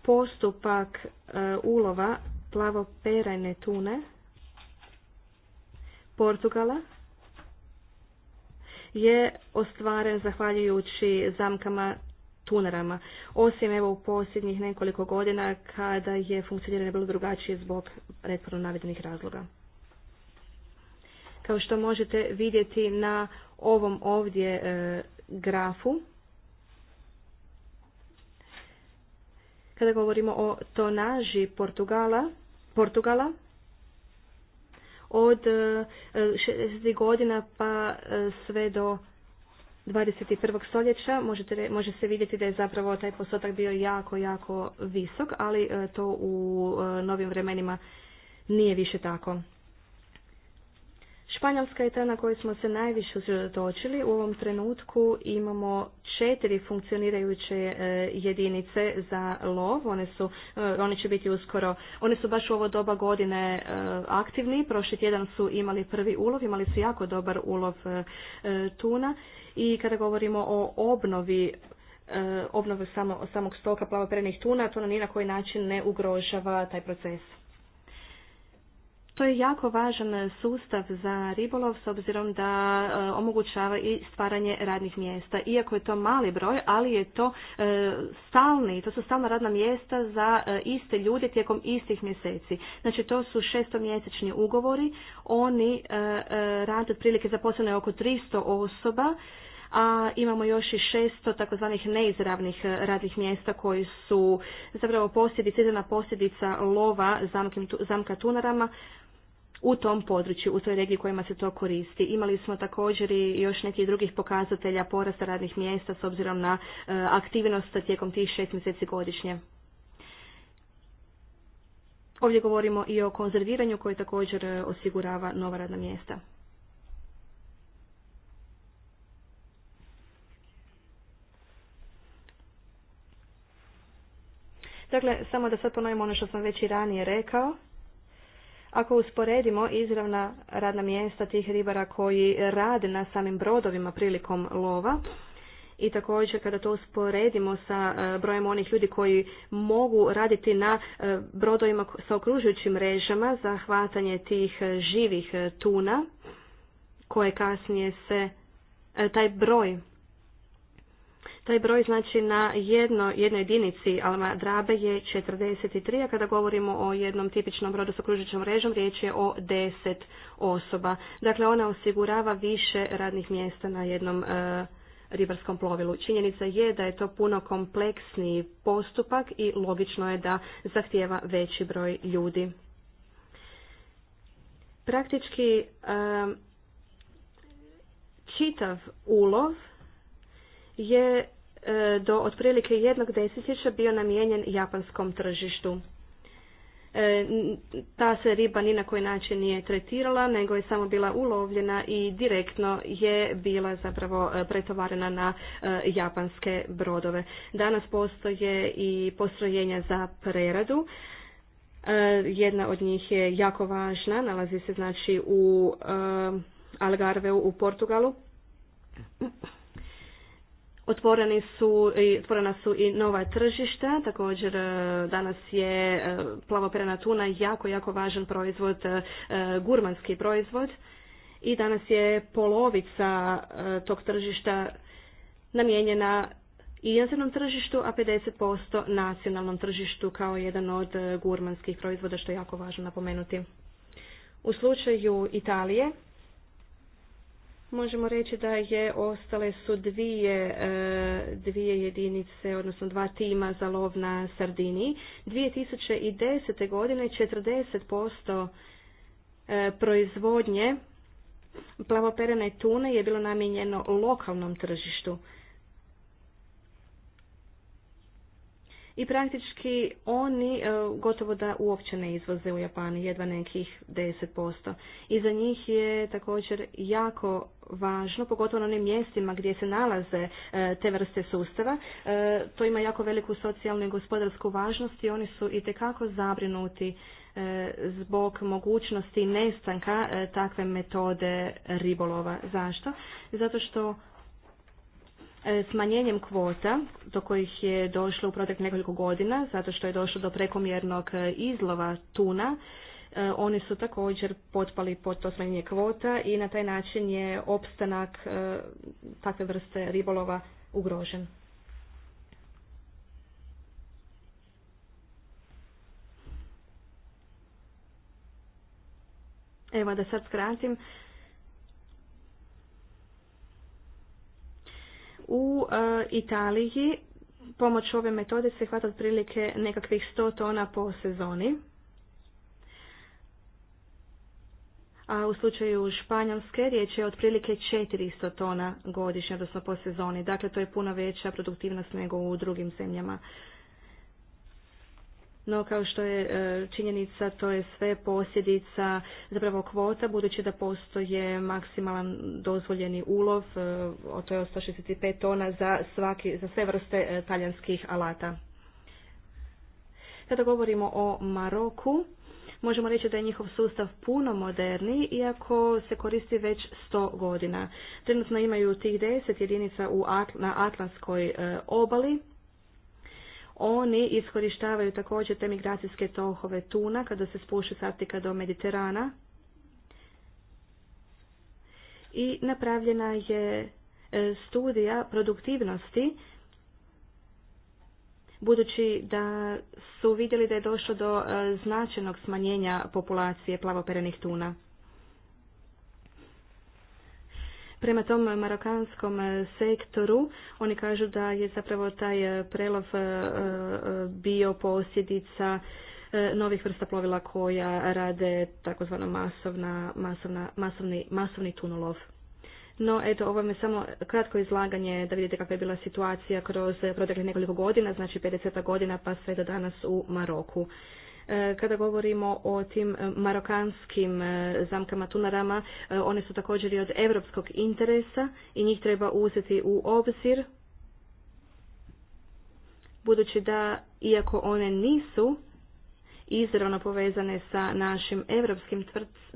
Speaker 1: postupak e, ulova plavoperajne tune Portugala je ostvaren zahvaljujući zamkama tunarama. Osim evo u posljednjih nekoliko godina kada je funkcioniranje bilo drugačije zbog prethodno navedenih razloga. Kao što možete vidjeti na ovom ovdje e, grafu, kada govorimo o tonaži Portugala, Portugala od 60 e, godina pa e, sve do 21. stoljeća možete, može se vidjeti da je zapravo taj postotak bio jako, jako visok, ali e, to u novim vremenima nije više tako. Španjolska je ta na kojoj smo se najviše usredotočili. U ovom trenutku imamo četiri funkcionirajuće e, jedinice za lov. One, su, e, one će biti uskoro, one su baš u ovo doba godine e, aktivni. Prošli tjedan su imali prvi ulov, imali su jako dobar ulov tuna. I kada govorimo o obnovi obnove samog stoka plavoprenih tuna, to na ni na koji način ne ugrožava taj proces. To je jako važan sustav za ribolov s obzirom da e, omogućava i stvaranje radnih mjesta. Iako je to mali broj, ali je to e, stalni, to su stalna radna mjesta za e, iste ljude tijekom istih mjeseci. Znači to su šestomjesečni ugovori, oni rade otprilike je oko 300 osoba, a imamo još i šesto takozvanih neizravnih radnih mjesta koji su zapravo posljedica, izravna posljedica lova zamka tunarama u tom području, u toj regiji kojima se to koristi. Imali smo također i još nekih drugih pokazatelja porasta radnih mjesta s obzirom na e, aktivnost tijekom tih šest mjeseci godišnje. Ovdje govorimo i o konzerviranju koje također e, osigurava nova radna mjesta. Dakle, samo da sad ponovimo ono što sam već i ranije rekao. Ako usporedimo izravna radna mjesta tih ribara koji rade na samim brodovima prilikom lova i također kada to usporedimo sa e, brojem onih ljudi koji mogu raditi na e, brodovima sa okružujućim mrežama za hvatanje tih e, živih tuna koje kasnije se taj broj taj broj znači na jedno, jednoj jedinici Alma Drabe je 43, a kada govorimo o jednom tipičnom brodu sa kružičnom mrežom, riječ je o 10 osoba. Dakle, ona osigurava više radnih mjesta na jednom e, ribarskom plovilu. Činjenica je da je to puno kompleksniji postupak i logično je da zahtijeva veći broj ljudi. Praktički e, čitav ulov je E, do otprilike jednog desetljeća bio namijenjen japanskom tržištu. E, ta se riba ni na koji način nije tretirala, nego je samo bila ulovljena i direktno je bila zapravo e, pretovarena na japanske brodove. Danas postoje i postrojenja za preradu. Jedna od njih je jako važna, nalazi se znači u Algarveu u Portugalu. Otvoreni su, otvorena su i nova tržišta, također e, danas je e, plavoperena tuna jako, jako važan proizvod, e, gurmanski proizvod i danas je polovica tog tržišta namijenjena i inozemnom tržištu, a 50% nacionalnom tržištu kao jedan od gurmanskih proizvoda, što je jako važno napomenuti. U slučaju Italije, Možemo reći da je ostale su dvije, e, dvije jedinice, odnosno dva tima za lov na Sardiniji. 2010. godine 40% e, proizvodnje plavoperene tune je bilo namijenjeno lokalnom tržištu. i praktički oni e, gotovo da uopće ne izvoze u Japan, jedva nekih 10%. I za njih je također jako važno, pogotovo na onim mjestima gdje se nalaze e, te vrste sustava. E, to ima jako veliku socijalnu i gospodarsku važnost i oni su i tekako zabrinuti zbog mogućnosti nestanka takve metode ribolova. Zašto? Zato što E, smanjenjem kvota do kojih je došlo u protek nekoliko godina zato što je došlo do prekomjernog e, izlova tuna e, oni su također potpali pod to smanjenje kvota i na taj način je opstanak takve vrste ribolova ugrožen. Evo da sad skratim, U e, Italiji pomoć ove metode se hvata otprilike nekakvih 100 tona po sezoni. A u slučaju Španjolske riječ je otprilike 400 tona godišnje, odnosno po sezoni. Dakle, to je puno veća produktivnost nego u drugim zemljama no kao što je e, činjenica to je sve posljedica zapravo kvota budući da postoje maksimalan dozvoljeni ulov, to je 165 tona za, svaki, za sve vrste e, talijanskih alata. Kada govorimo o Maroku, možemo reći da je njihov sustav puno moderniji, iako se koristi već 100 godina. Trenutno imaju tih 10 jedinica u na Atlantskoj e, obali, oni iskorištavaju također te migracijske tohove tuna kada se spuše s Artika do Mediterana. I napravljena je e, studija produktivnosti budući da su vidjeli da je došlo do e, značajnog smanjenja populacije plavoperenih tuna. Prema tom marokanskom sektoru oni kažu da je zapravo taj e, prelov e, e, bio posljedica novih vrsta plovila koja rade takozvano masovna, masovna, masovni, masovni tunolov. No, eto, ovo je samo kratko izlaganje da vidite kakva je bila situacija kroz protekle nekoliko godina, znači 50 godina pa sve do danas u Maroku. E, kada govorimo o tim e, marokanskim e, zamkama tunarama, one su također i od europskog interesa i njih treba uzeti u obzir, budući da iako one nisu izravno povezane sa našim europskim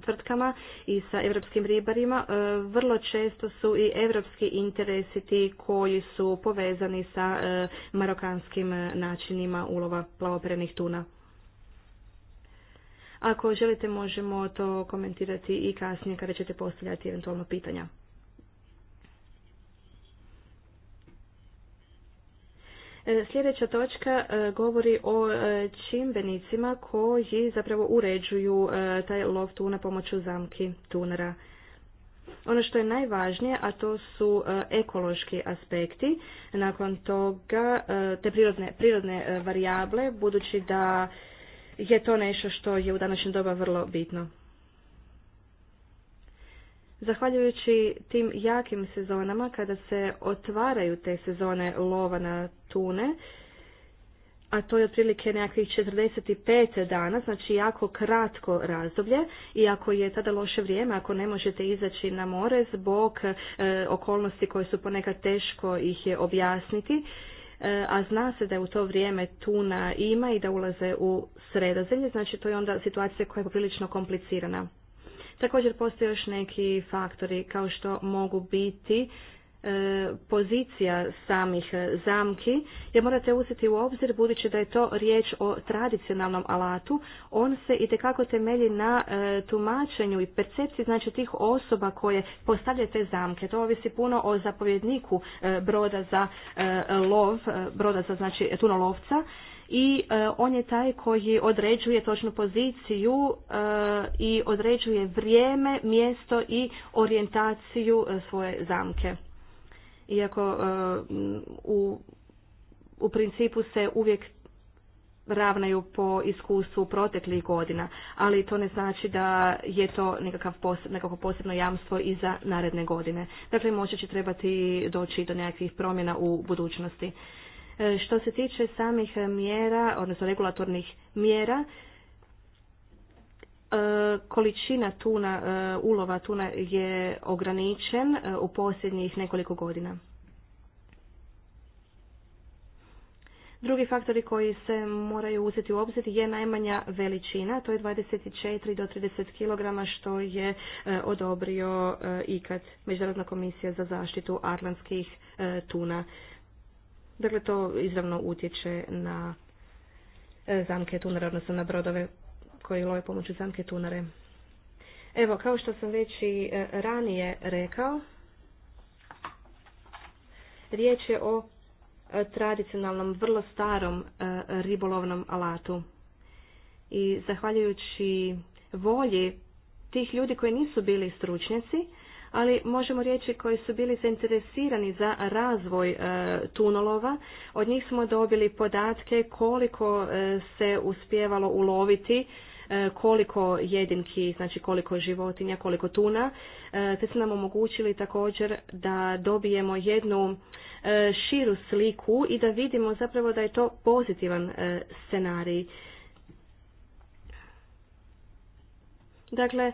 Speaker 1: tvrtkama i sa europskim ribarima, vrlo često su i europski interesi ti koji su povezani sa marokanskim načinima ulova plavoperenih tuna. Ako želite možemo to komentirati i kasnije kada ćete postavljati eventualno pitanja. E, sljedeća točka e, govori o e, čimbenicima koji zapravo uređuju taj lov tuna pomoću zamki tunara. Ono što je najvažnije, a to su ekološki aspekti, nakon toga te prirodne, prirodne varijable, budući da je to nešto što je u današnjem doba vrlo bitno. Zahvaljujući tim jakim sezonama, kada se otvaraju te sezone lova na tune, a to je otprilike nekakvih 45 dana, znači jako kratko razdoblje i ako je tada loše vrijeme, ako ne možete izaći na more zbog e, okolnosti koje su ponekad teško ih je objasniti, E, a zna se da je u to vrijeme tuna ima i da ulaze u sredozemlje, znači to je onda situacija koja je poprilično komplicirana. Također postoje još neki faktori kao što mogu biti E, pozicija samih zamki jer morate uzeti u obzir budući da je to riječ o tradicionalnom alatu on se i itekako temelji na e, tumačenju i percepciji znači tih osoba koje postavljaju te zamke to ovisi puno o zapovjedniku e, broda za lov broda za znači tunolovca i on je taj koji određuje točnu poziciju i određuje vrijeme, mjesto i orijentaciju svoje zamke iako e, u, u principu se uvijek ravnaju po iskustvu proteklih godina, ali to ne znači da je to nekakav nekako posebno jamstvo i za naredne godine. Dakle, moći će trebati doći do nekakvih promjena u budućnosti. E, što se tiče samih mjera, odnosno regulatornih mjera, E, količina tuna, e, ulova tuna je ograničen e, u posljednjih nekoliko godina. Drugi faktori koji se moraju uzeti u obzir je najmanja veličina, to je 24 do 30 kg što je odobrio ikad Međunarodna komisija za zaštitu atlantskih tuna. Dakle, to izravno utječe na zamke tunara, odnosno na brodove koji love pomoću zamke tunare. Evo, kao što sam već i e, ranije rekao, riječ je o e, tradicionalnom, vrlo starom e, ribolovnom alatu. I zahvaljujući volji tih ljudi koji nisu bili stručnjaci, ali možemo reći koji su bili zainteresirani za razvoj tunolova. Od njih smo dobili podatke koliko se uspjevalo uloviti E, koliko jedinki, znači koliko životinja, koliko tuna, e, te su nam omogućili također da dobijemo jednu e, širu sliku i da vidimo zapravo da je to pozitivan scenarij. Dakle,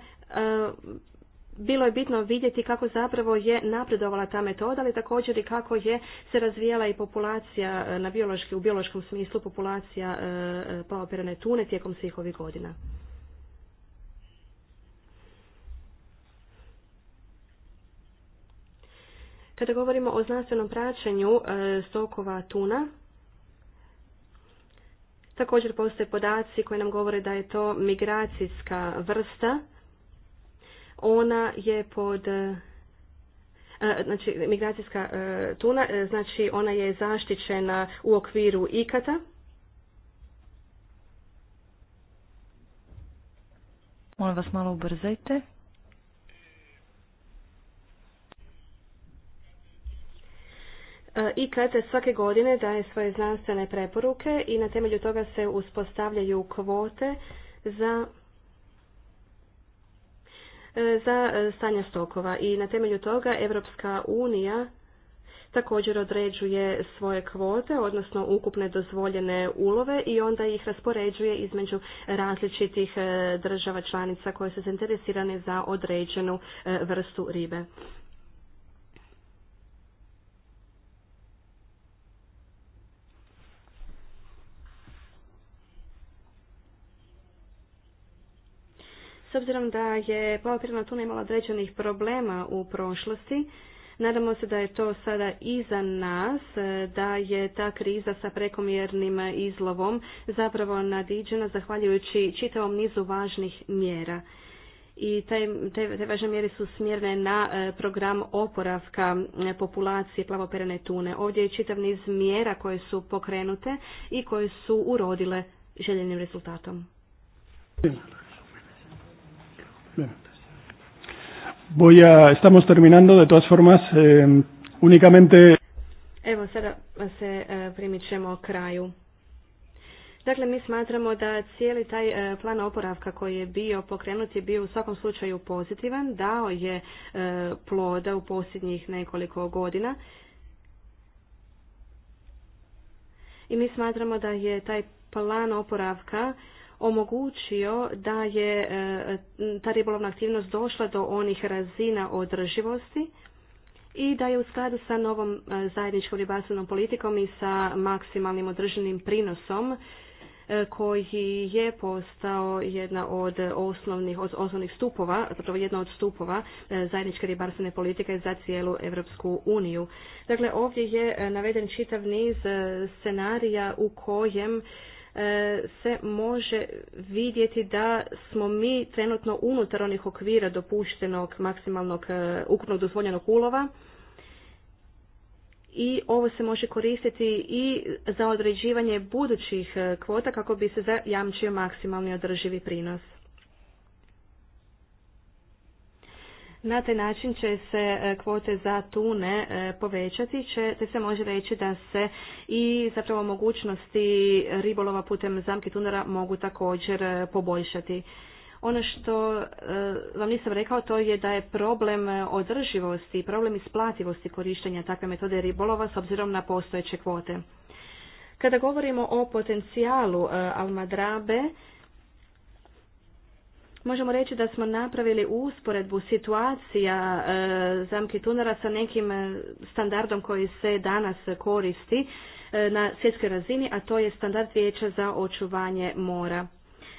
Speaker 1: bilo je bitno vidjeti kako zapravo je napredovala ta metoda, ali također i kako je se razvijala i populacija e, na biološki, u biološkom smislu populacija e, e, plaopirane tune tijekom svih ovih godina. Kada govorimo o znanstvenom praćenju stokova tuna, također postoje podaci koji nam govore da je to migracijska vrsta ona je pod e, e, znači migracijska e, tuna, znači ona je zaštićena u okviru ikata.
Speaker 2: Molim vas malo ubrzajte.
Speaker 1: IKAT svake godine daje svoje znanstvene preporuke i na temelju toga se uspostavljaju kvote za E, za e, stanja stokova i na temelju toga Europska unija također određuje svoje kvote, odnosno ukupne dozvoljene ulove i onda ih raspoređuje između različitih e, država članica koje su zainteresirane za određenu vrstu ribe. S obzirom da je poljoprivredna tuna imala određenih problema u prošlosti, Nadamo se da je to sada iza nas, da je ta kriza sa prekomjernim izlovom zapravo nadiđena zahvaljujući čitavom nizu važnih mjera. I te, te važne mjere su smjerne na e, program oporavka e, populacije plavoperene tune. Ovdje je čitav niz mjera koje su pokrenute i koje su urodile željenim rezultatom. Voy a, estamos terminando, de todas formas, eh, únicamente... Evo, sada se eh, primit ćemo kraju. Dakle, mi smatramo da cijeli taj eh, plan oporavka koji je bio pokrenut je bio u svakom slučaju pozitivan, dao je eh, ploda u posljednjih nekoliko godina. I mi smatramo da je taj plan oporavka omogućio da je e, ta ribolovna aktivnost došla do onih razina održivosti i da je u skladu sa novom e, zajedničkom ribarstvenom politikom i sa maksimalnim održenim prinosom e, koji je postao jedna od osnovnih, osnovnih stupova, zapravo jedna od stupova zajedničke ribarstvene politike za cijelu Europsku uniju. Dakle, ovdje je naveden čitav niz scenarija u kojem E, se može vidjeti da smo mi trenutno unutar onih okvira dopuštenog maksimalnog e, ukupnog dozvoljenog ulova i ovo se može koristiti i za određivanje budućih e, kvota kako bi se zajamčio maksimalni održivi prinos. Na taj način će se e, kvote za tune e, povećati, će, te se može reći da se i zapravo mogućnosti ribolova putem zamke tunara mogu također e, poboljšati. Ono što vam nisam rekao to je da je problem održivosti, problem isplativosti korištenja takve metode ribolova s obzirom na postojeće kvote. Kada govorimo o potencijalu Almadrabe, možemo reći da smo napravili usporedbu situacija e, zamke tunara sa nekim e, standardom koji se danas koristi e, na svjetskoj razini, a to je standard vijeća za očuvanje mora.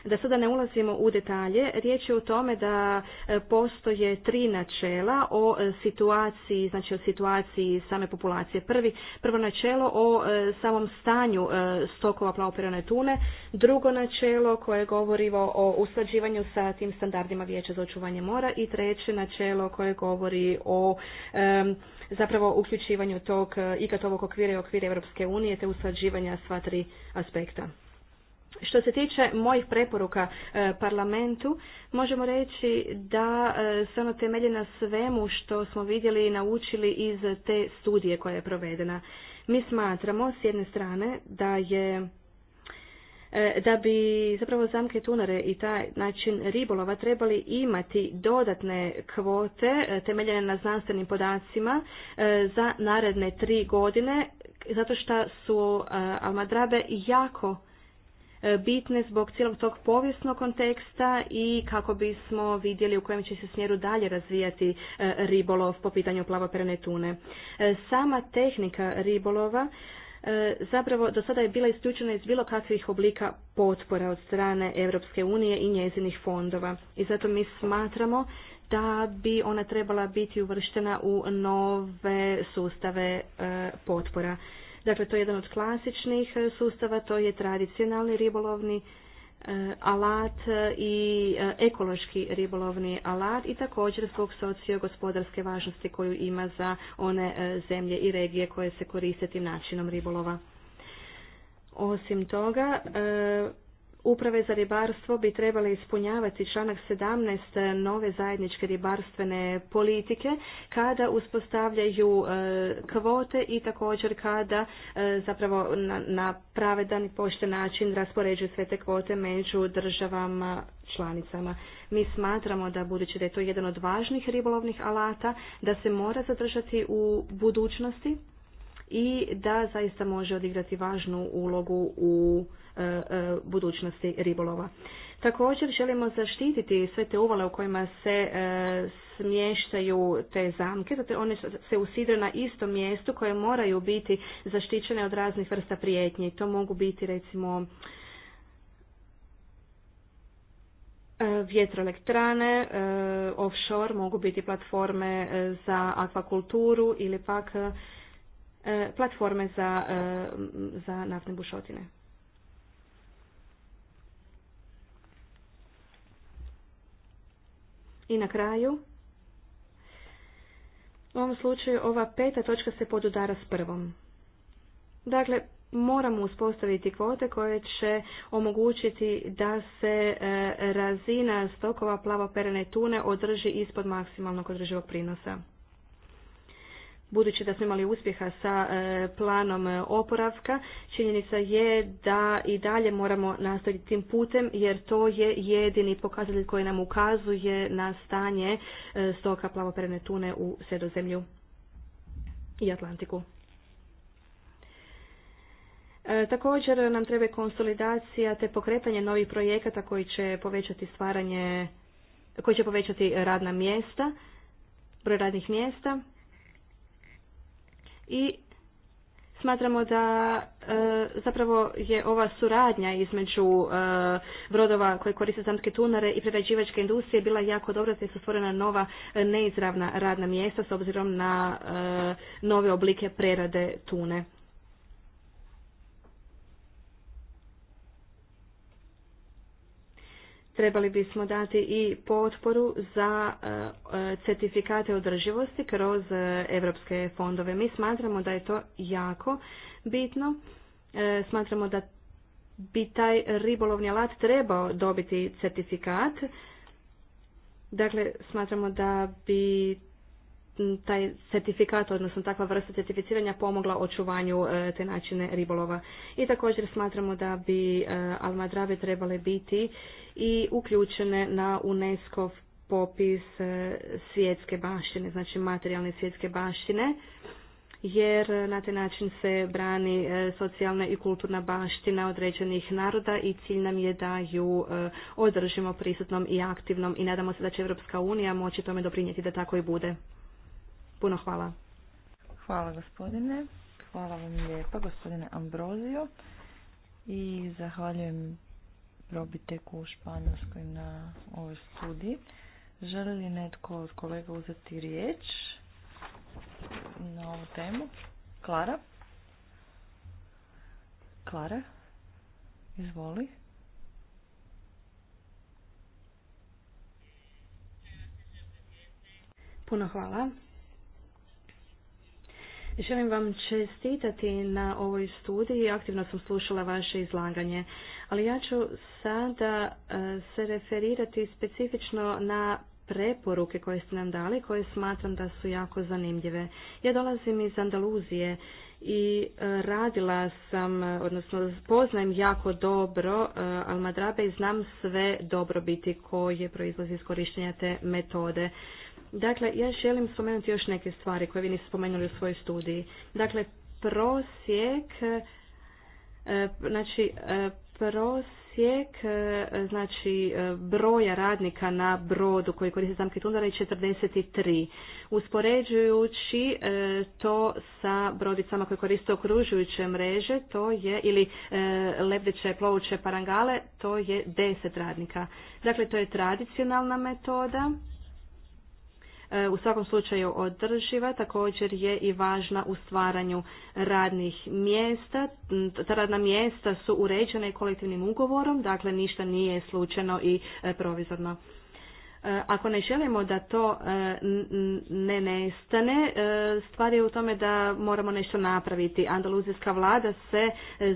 Speaker 1: Da sada ne ulazimo u detalje, riječ je o tome da e, postoje tri načela o e, situaciji, znači o situaciji same populacije. Prvi, prvo načelo o e, samom stanju stokova plaoperane tune, drugo načelo koje govori o usklađivanju sa tim standardima Vijeća za očuvanje mora i treće načelo koje govori o zapravo uključivanju tog ikatovog okvira i okvira Europske unije te usklađivanja sva tri aspekta. Što se tiče mojih preporuka e, parlamentu, možemo reći da e, se ono temelje na svemu što smo vidjeli i naučili iz te studije koja je provedena. Mi smatramo s jedne strane da je e, da bi zapravo zamke tunare i taj način ribolova trebali imati dodatne kvote temeljene na znanstvenim podacima za naredne tri godine zato što su almadrabe jako E, bitne zbog cijelog tog povijesnog konteksta i kako bismo vidjeli u kojem će se smjeru dalje razvijati e, ribolov po pitanju plavoperene tune. E, sama tehnika ribolova zapravo do sada je bila isključena iz bilo kakvih oblika potpora od strane Europske unije i njezinih fondova. I zato mi smatramo da bi ona trebala biti uvrštena u nove sustave potpora. Dakle, to je jedan od klasičnih e, sustava, to je tradicionalni ribolovni e, alat e, i ekološki ribolovni alat i također zbog sociogospodarske važnosti koju ima za one zemlje i regije koje se koriste tim načinom ribolova. Osim toga, Uprave za ribarstvo bi trebale ispunjavati članak 17 nove zajedničke ribarstvene politike kada uspostavljaju e, kvote i također kada e, zapravo na pravedan i pošten način raspoređuju sve te kvote među državama članicama. Mi smatramo da budući da je to jedan od važnih ribolovnih alata da se mora zadržati u budućnosti i da zaista može odigrati važnu ulogu u e, e, budućnosti ribolova. Također želimo zaštititi sve te uvale u kojima se e, smještaju te zamke, zato one se usidre na istom mjestu koje moraju biti zaštićene od raznih vrsta prijetnje. To mogu biti recimo vjetroelektrane, offshore, mogu biti platforme za akvakulturu ili pak E, platforme za, e, za naftne bušotine. I na kraju, u ovom slučaju ova peta točka se podudara s prvom. Dakle, moramo uspostaviti kvote koje će omogućiti da se e, razina stokova plavoperene tune održi ispod maksimalnog održivog prinosa budući da smo imali uspjeha sa e, planom e, oporavka, činjenica je da i dalje moramo nastaviti tim putem jer to je jedini pokazatelj koji nam ukazuje na stanje e, stoka plavoperene tune u sredozemlju i Atlantiku. Također nam treba konsolidacija te pokretanje novih projekata koji će povećati stvaranje, koji će povećati radna mjesta, broj radnih mjesta i smatramo da e, zapravo je ova suradnja između e, brodova koje koriste zamske tunare i prerađivačke industrije bila jako dobra te su stvorena nova e, neizravna radna mjesta s obzirom na nove oblike prerade tune Trebali bismo dati i potporu za e, e, certifikate održivosti kroz e, evropske fondove. Mi smatramo da je to jako bitno. Smatramo da bi taj ribolovni alat trebao dobiti certifikat. Dakle, smatramo da bi taj certifikat, odnosno takva vrsta certificiranja pomogla očuvanju e, te načine ribolova. I također smatramo da bi e, Almadrave trebale biti i uključene na UNESCO popis e, svjetske baštine, znači materijalne svjetske baštine, jer na taj način se brani socijalna i kulturna baština određenih naroda i cilj nam je da ju održimo prisutnom i aktivnom i nadamo se da će Europska unija moći tome doprinijeti da tako i bude. Puno hvala.
Speaker 2: Hvala gospodine. Hvala vam lijepa gospodine Ambrozio i zahvaljujem Robiteku u Španjolskoj na ovoj studiji. Želi li netko od kolega uzeti riječ na ovu temu? Klara? Klara? Izvoli.
Speaker 1: Puno hvala. Želim vam čestitati na ovoj studiji. Aktivno sam slušala vaše izlaganje. Ali ja ću sada e, se referirati specifično na preporuke koje ste nam dali, koje smatram da su jako zanimljive. Ja dolazim iz Andaluzije i e, radila sam, odnosno poznajem jako dobro e, Almadrabe i znam sve dobrobiti koje proizlazi iz korištenja te metode. Dakle, ja želim spomenuti još neke stvari koje vi niste spomenuli u svojoj studiji. Dakle, prosjek, e, znači, e, prosjek, e, znači, broja radnika na brodu koji koriste zamke tundara je 43. Uspoređujući to sa brodicama koje koriste okružujuće mreže, to je, ili lebdeće, plovuće parangale, to je 10 radnika. Dakle, to je tradicionalna metoda E, u svakom slučaju održiva, također je i važna u stvaranju radnih mjesta. Ta radna mjesta su uređene kolektivnim ugovorom, dakle ništa nije slučajno i e, provizorno. Eh, ako ne želimo da to eh, ne nestane, eh, stvar je u tome da moramo nešto napraviti. Andaluzijska vlada se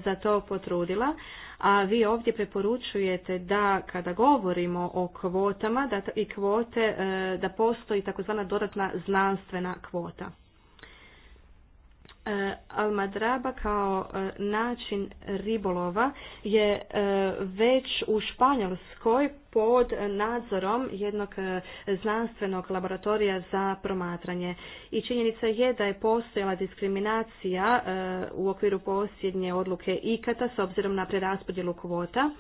Speaker 1: za to potrudila, a vi ovdje preporučujete da kada govorimo o kvotama da i kvote da postoji takozvana dodatna znanstvena kvota. E, Almadraba kao e, način ribolova je e, već u Španjolskoj pod nadzorom jednog znanstvenog laboratorija za promatranje. I činjenica je da je postojala diskriminacija u okviru posljednje odluke IKATA s obzirom na preraspodjelu kvota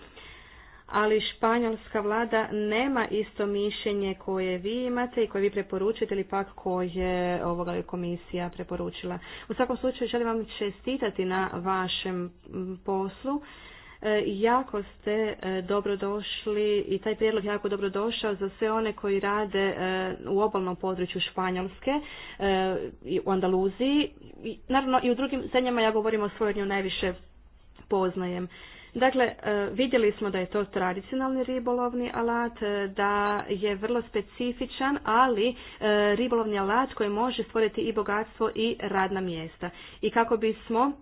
Speaker 1: ali španjolska vlada nema isto mišljenje koje vi imate i koje vi preporučite ili pak koje ovoga komisija preporučila. U svakom slučaju želim vam čestitati na vašem poslu. E, jako ste e, dobrodošli i taj prijedlog jako dobrodošao za sve one koji rade e, u obalnom području Španjolske, i u Andaluziji. Naravno i u drugim zemljama ja govorim o svojoj najviše poznajem. Dakle, e, vidjeli smo da je to tradicionalni ribolovni alat, e, da je vrlo specifičan, ali e, ribolovni alat koji može stvoriti i bogatstvo i radna mjesta. I kako bismo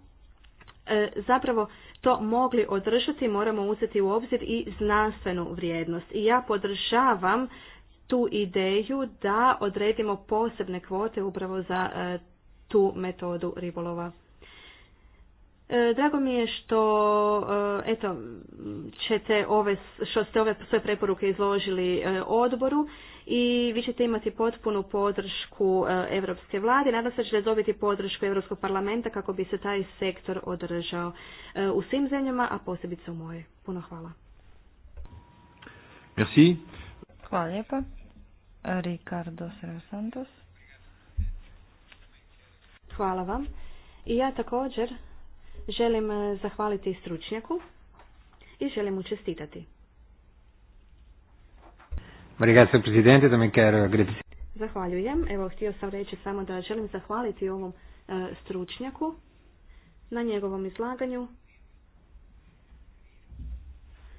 Speaker 1: zapravo to mogli održati, moramo uzeti u obzir i znanstvenu vrijednost. I ja podržavam tu ideju da odredimo posebne kvote upravo za tu metodu ribolova. E, drago mi je što e, eto, ćete ove, što ste ove sve preporuke izložili e, odboru i vi ćete imati potpunu podršku Europske vlade. Nadam se da ćete dobiti podršku Europskog parlamenta kako bi se taj sektor održao u svim zemljama, a posebice u mojoj. Puno hvala. Merci. Hvala lijepa. Ricardo Santos. Hvala vam. I ja također Želim eh, zahvaliti stručnjaku i želim mu čestitati. Zahvaljujem. Evo, htio sam reći samo da želim zahvaliti ovom eh, stručnjaku na njegovom izlaganju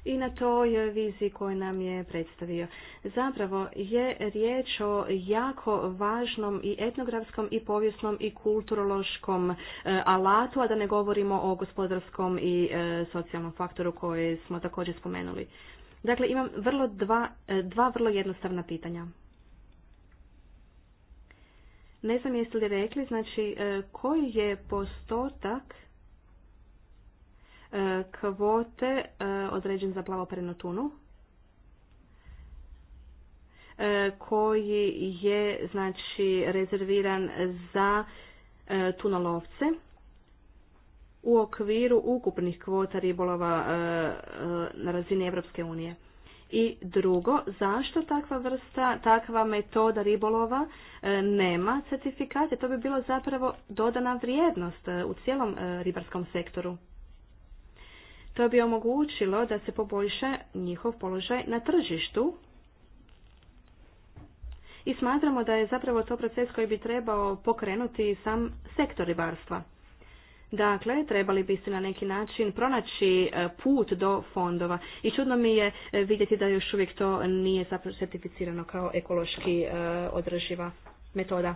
Speaker 1: i na toj viziji koju nam je predstavio. Zapravo je riječ o jako važnom i etnografskom i povijesnom i kulturološkom e, alatu, a da ne govorimo o gospodarskom i e, socijalnom faktoru koji smo također spomenuli. Dakle, imam vrlo dva, e, dva vrlo jednostavna pitanja. Ne znam jeste li rekli, znači koji je postotak E, kvote e, određen za plavoperenu tunu e, koji je znači rezerviran za tunolovce u okviru ukupnih kvota ribolova na razini Europske unije. I drugo, zašto takva vrsta, takva metoda ribolova nema certifikate? To bi bilo zapravo dodana vrijednost u cijelom ribarskom sektoru. To bi omogućilo da se poboljša njihov položaj na tržištu i smatramo da je zapravo to proces koji bi trebao pokrenuti sam sektor ribarstva. Dakle, trebali bi se na neki način pronaći e, put do fondova. I čudno mi je e, vidjeti da još uvijek to nije zapravo certificirano kao ekološki e, održiva metoda.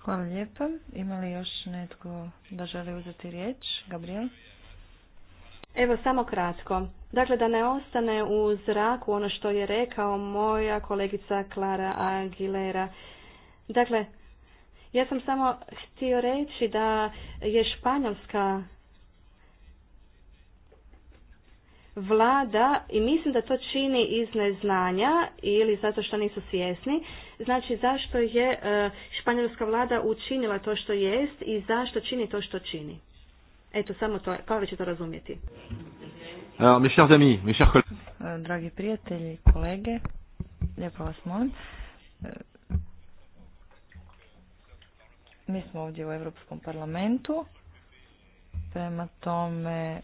Speaker 1: Hvala lijepa. Ima li još netko da želi uzeti riječ? Gabriel? Evo samo kratko. Dakle, da ne ostane u zraku ono što je rekao moja kolegica Klara Aguilera. Dakle, ja sam samo htio reći da je španjolska vlada i mislim da to čini iz neznanja ili zato što nisu svjesni. Znači zašto je e, španjolska vlada učinila to što jest i zašto čini to što čini. Eto, samo to, kao ćete to razumjeti?
Speaker 2: E, dragi prijatelji kolege, lijepo vas molim. E, mi smo ovdje u Europskom parlamentu, prema tome e,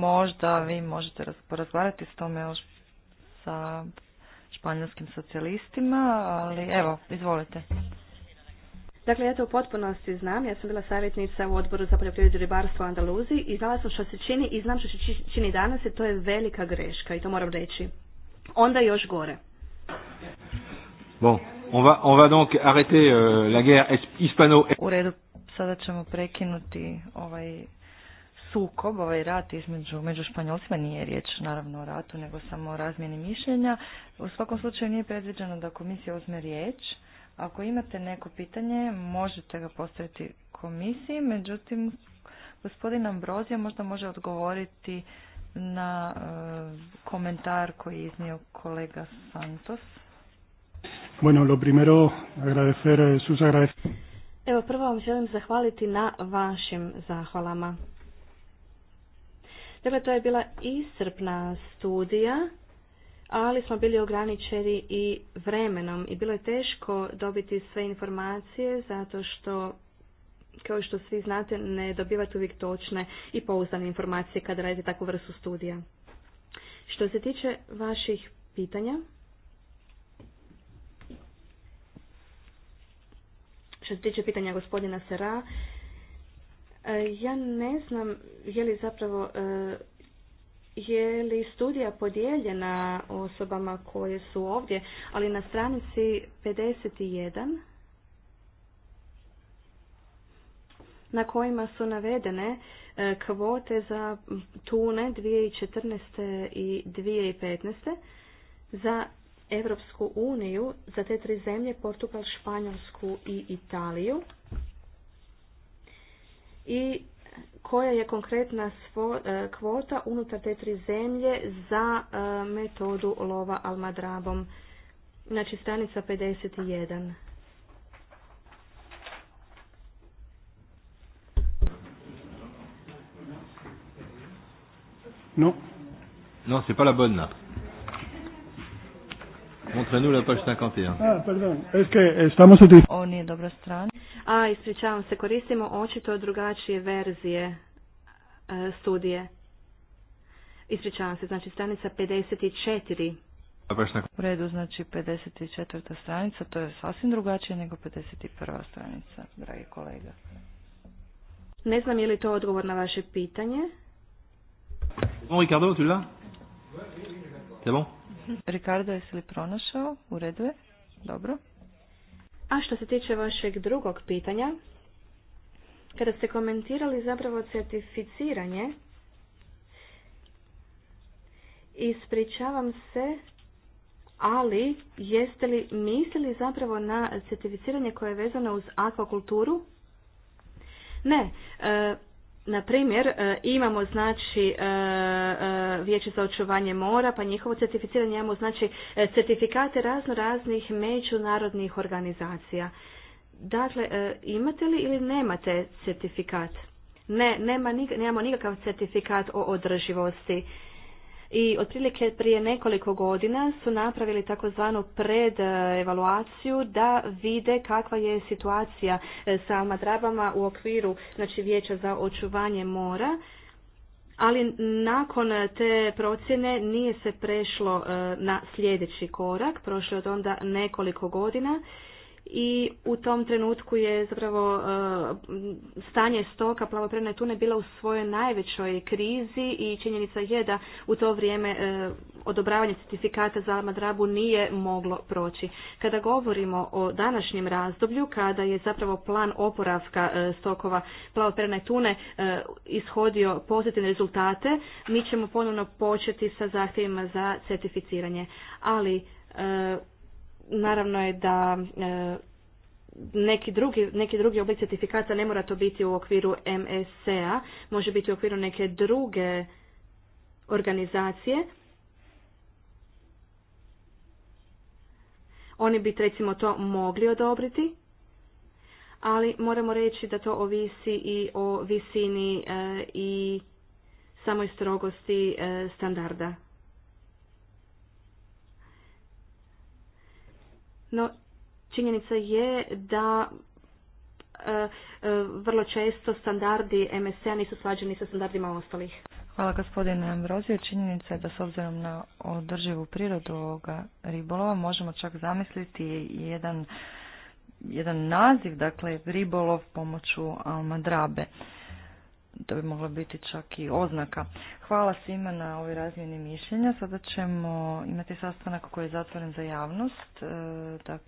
Speaker 2: možda vi možete porazgovarati s tome još sa španjolskim socijalistima,
Speaker 1: ali evo, izvolite. Dakle, ja to u potpunosti znam. Ja sam bila savjetnica u odboru za poljoprivredu i ribarstvo u Andaluziji i znala sam što se čini i znam što se čini danas i to je velika greška i to moram reći. Onda još gore. on on va euh, U redu, sada ćemo
Speaker 2: prekinuti ovaj sukob, ovaj rat između među Španjolcima, nije riječ naravno o ratu, nego samo o razmjeni mišljenja. U svakom slučaju nije predviđeno da komisija uzme riječ. Ako imate neko pitanje, možete ga postaviti komisiji, međutim, gospodin Ambrozija možda može odgovoriti na e, komentar koji je iznio kolega Santos. Bueno, lo primero, agradecer eh, sus
Speaker 1: Evo, prvo vam želim zahvaliti na vašim zahvalama. Dakle, to je bila iscrpna studija ali smo bili ograničeni i vremenom i bilo je teško dobiti sve informacije zato što kao što svi znate, ne dobivate uvijek točne i pouzdane informacije kada radite takvu vrstu studija. Što se tiče vaših pitanja, što se tiče pitanja gospodina Sera, e, ja ne znam je li zapravo e, je li studija podijeljena osobama koje su ovdje, ali na stranici 51 na kojima su navedene e, kvote za tune 2014. i 2015. za Evropsku uniju, za te tri zemlje, Portugal, Španjolsku i Italiju. I koja je konkretna e, kvota unutar te tri zemlje za e, metodu lova almadrabom. Znači stranica 51. Non. Non, c'est pas la bonne ovo nous la page 51. Ah, pardon. Est-ce que estamos utilizando... dobra strana. A, ispričavam se, koristimo očito drugačije verzije e, studije. Ispričavam se, znači stranica 54. U
Speaker 2: redu, znači 54. stranica, to je sasvim drugačije nego 51. stranica, dragi kolega.
Speaker 1: Ne znam je li to odgovor na vaše pitanje. Bon, Ricardo, tu l'as? C'est bon? Ricardo, jesi li pronašao? U redu je. Dobro. A što se tiče vašeg drugog pitanja, kada ste komentirali zapravo certificiranje, ispričavam se, ali jeste li mislili zapravo na certificiranje koje je vezano uz akvakulturu? Ne, e, na primjer, e, imamo znači e, e, vijeće za očuvanje mora, pa njihovo certificiranje imamo znači certifikate razno raznih međunarodnih organizacija. Dakle, imate li ili nemate certifikat? Ne, nema, nemamo nikakav certifikat o održivosti i otprilike prije nekoliko godina su napravili takozvanu pred-evaluaciju da vide kakva je situacija e, sa madrabama u okviru znači vijeća za očuvanje mora ali nakon te procjene nije se prešlo e, na sljedeći korak, prošlo je od onda nekoliko godina i u tom trenutku je zapravo e, stanje stoka plavopredne tune bila u svojoj najvećoj krizi i činjenica je da u to vrijeme e, odobravanje certifikata za madrabu nije moglo proći. Kada govorimo o današnjem razdoblju, kada je zapravo plan oporavka e, stokova plavopredne tune ishodio pozitivne rezultate, mi ćemo ponovno početi sa zahtjevima za certificiranje. Ali Naravno je da e, neki drugi, neki drugi oblik certifikata ne mora to biti u okviru MSC-a, može biti u okviru neke druge organizacije. Oni bi recimo to mogli odobriti, ali moramo reći da to ovisi i o visini e, i samoj strogosti e, standarda. No, činjenica je da e, e, vrlo često standardi MSC-a nisu svađeni sa standardima ostalih.
Speaker 2: Hvala gospodine Ambrozio. Činjenica je da s obzirom na održivu prirodu ovoga ribolova možemo čak zamisliti jedan, jedan naziv, dakle ribolov pomoću almadrabe to bi mogla biti čak i oznaka. Hvala svima na ovoj razmjeni mišljenja. Sada ćemo imati sastanak koji je zatvoren za javnost. E,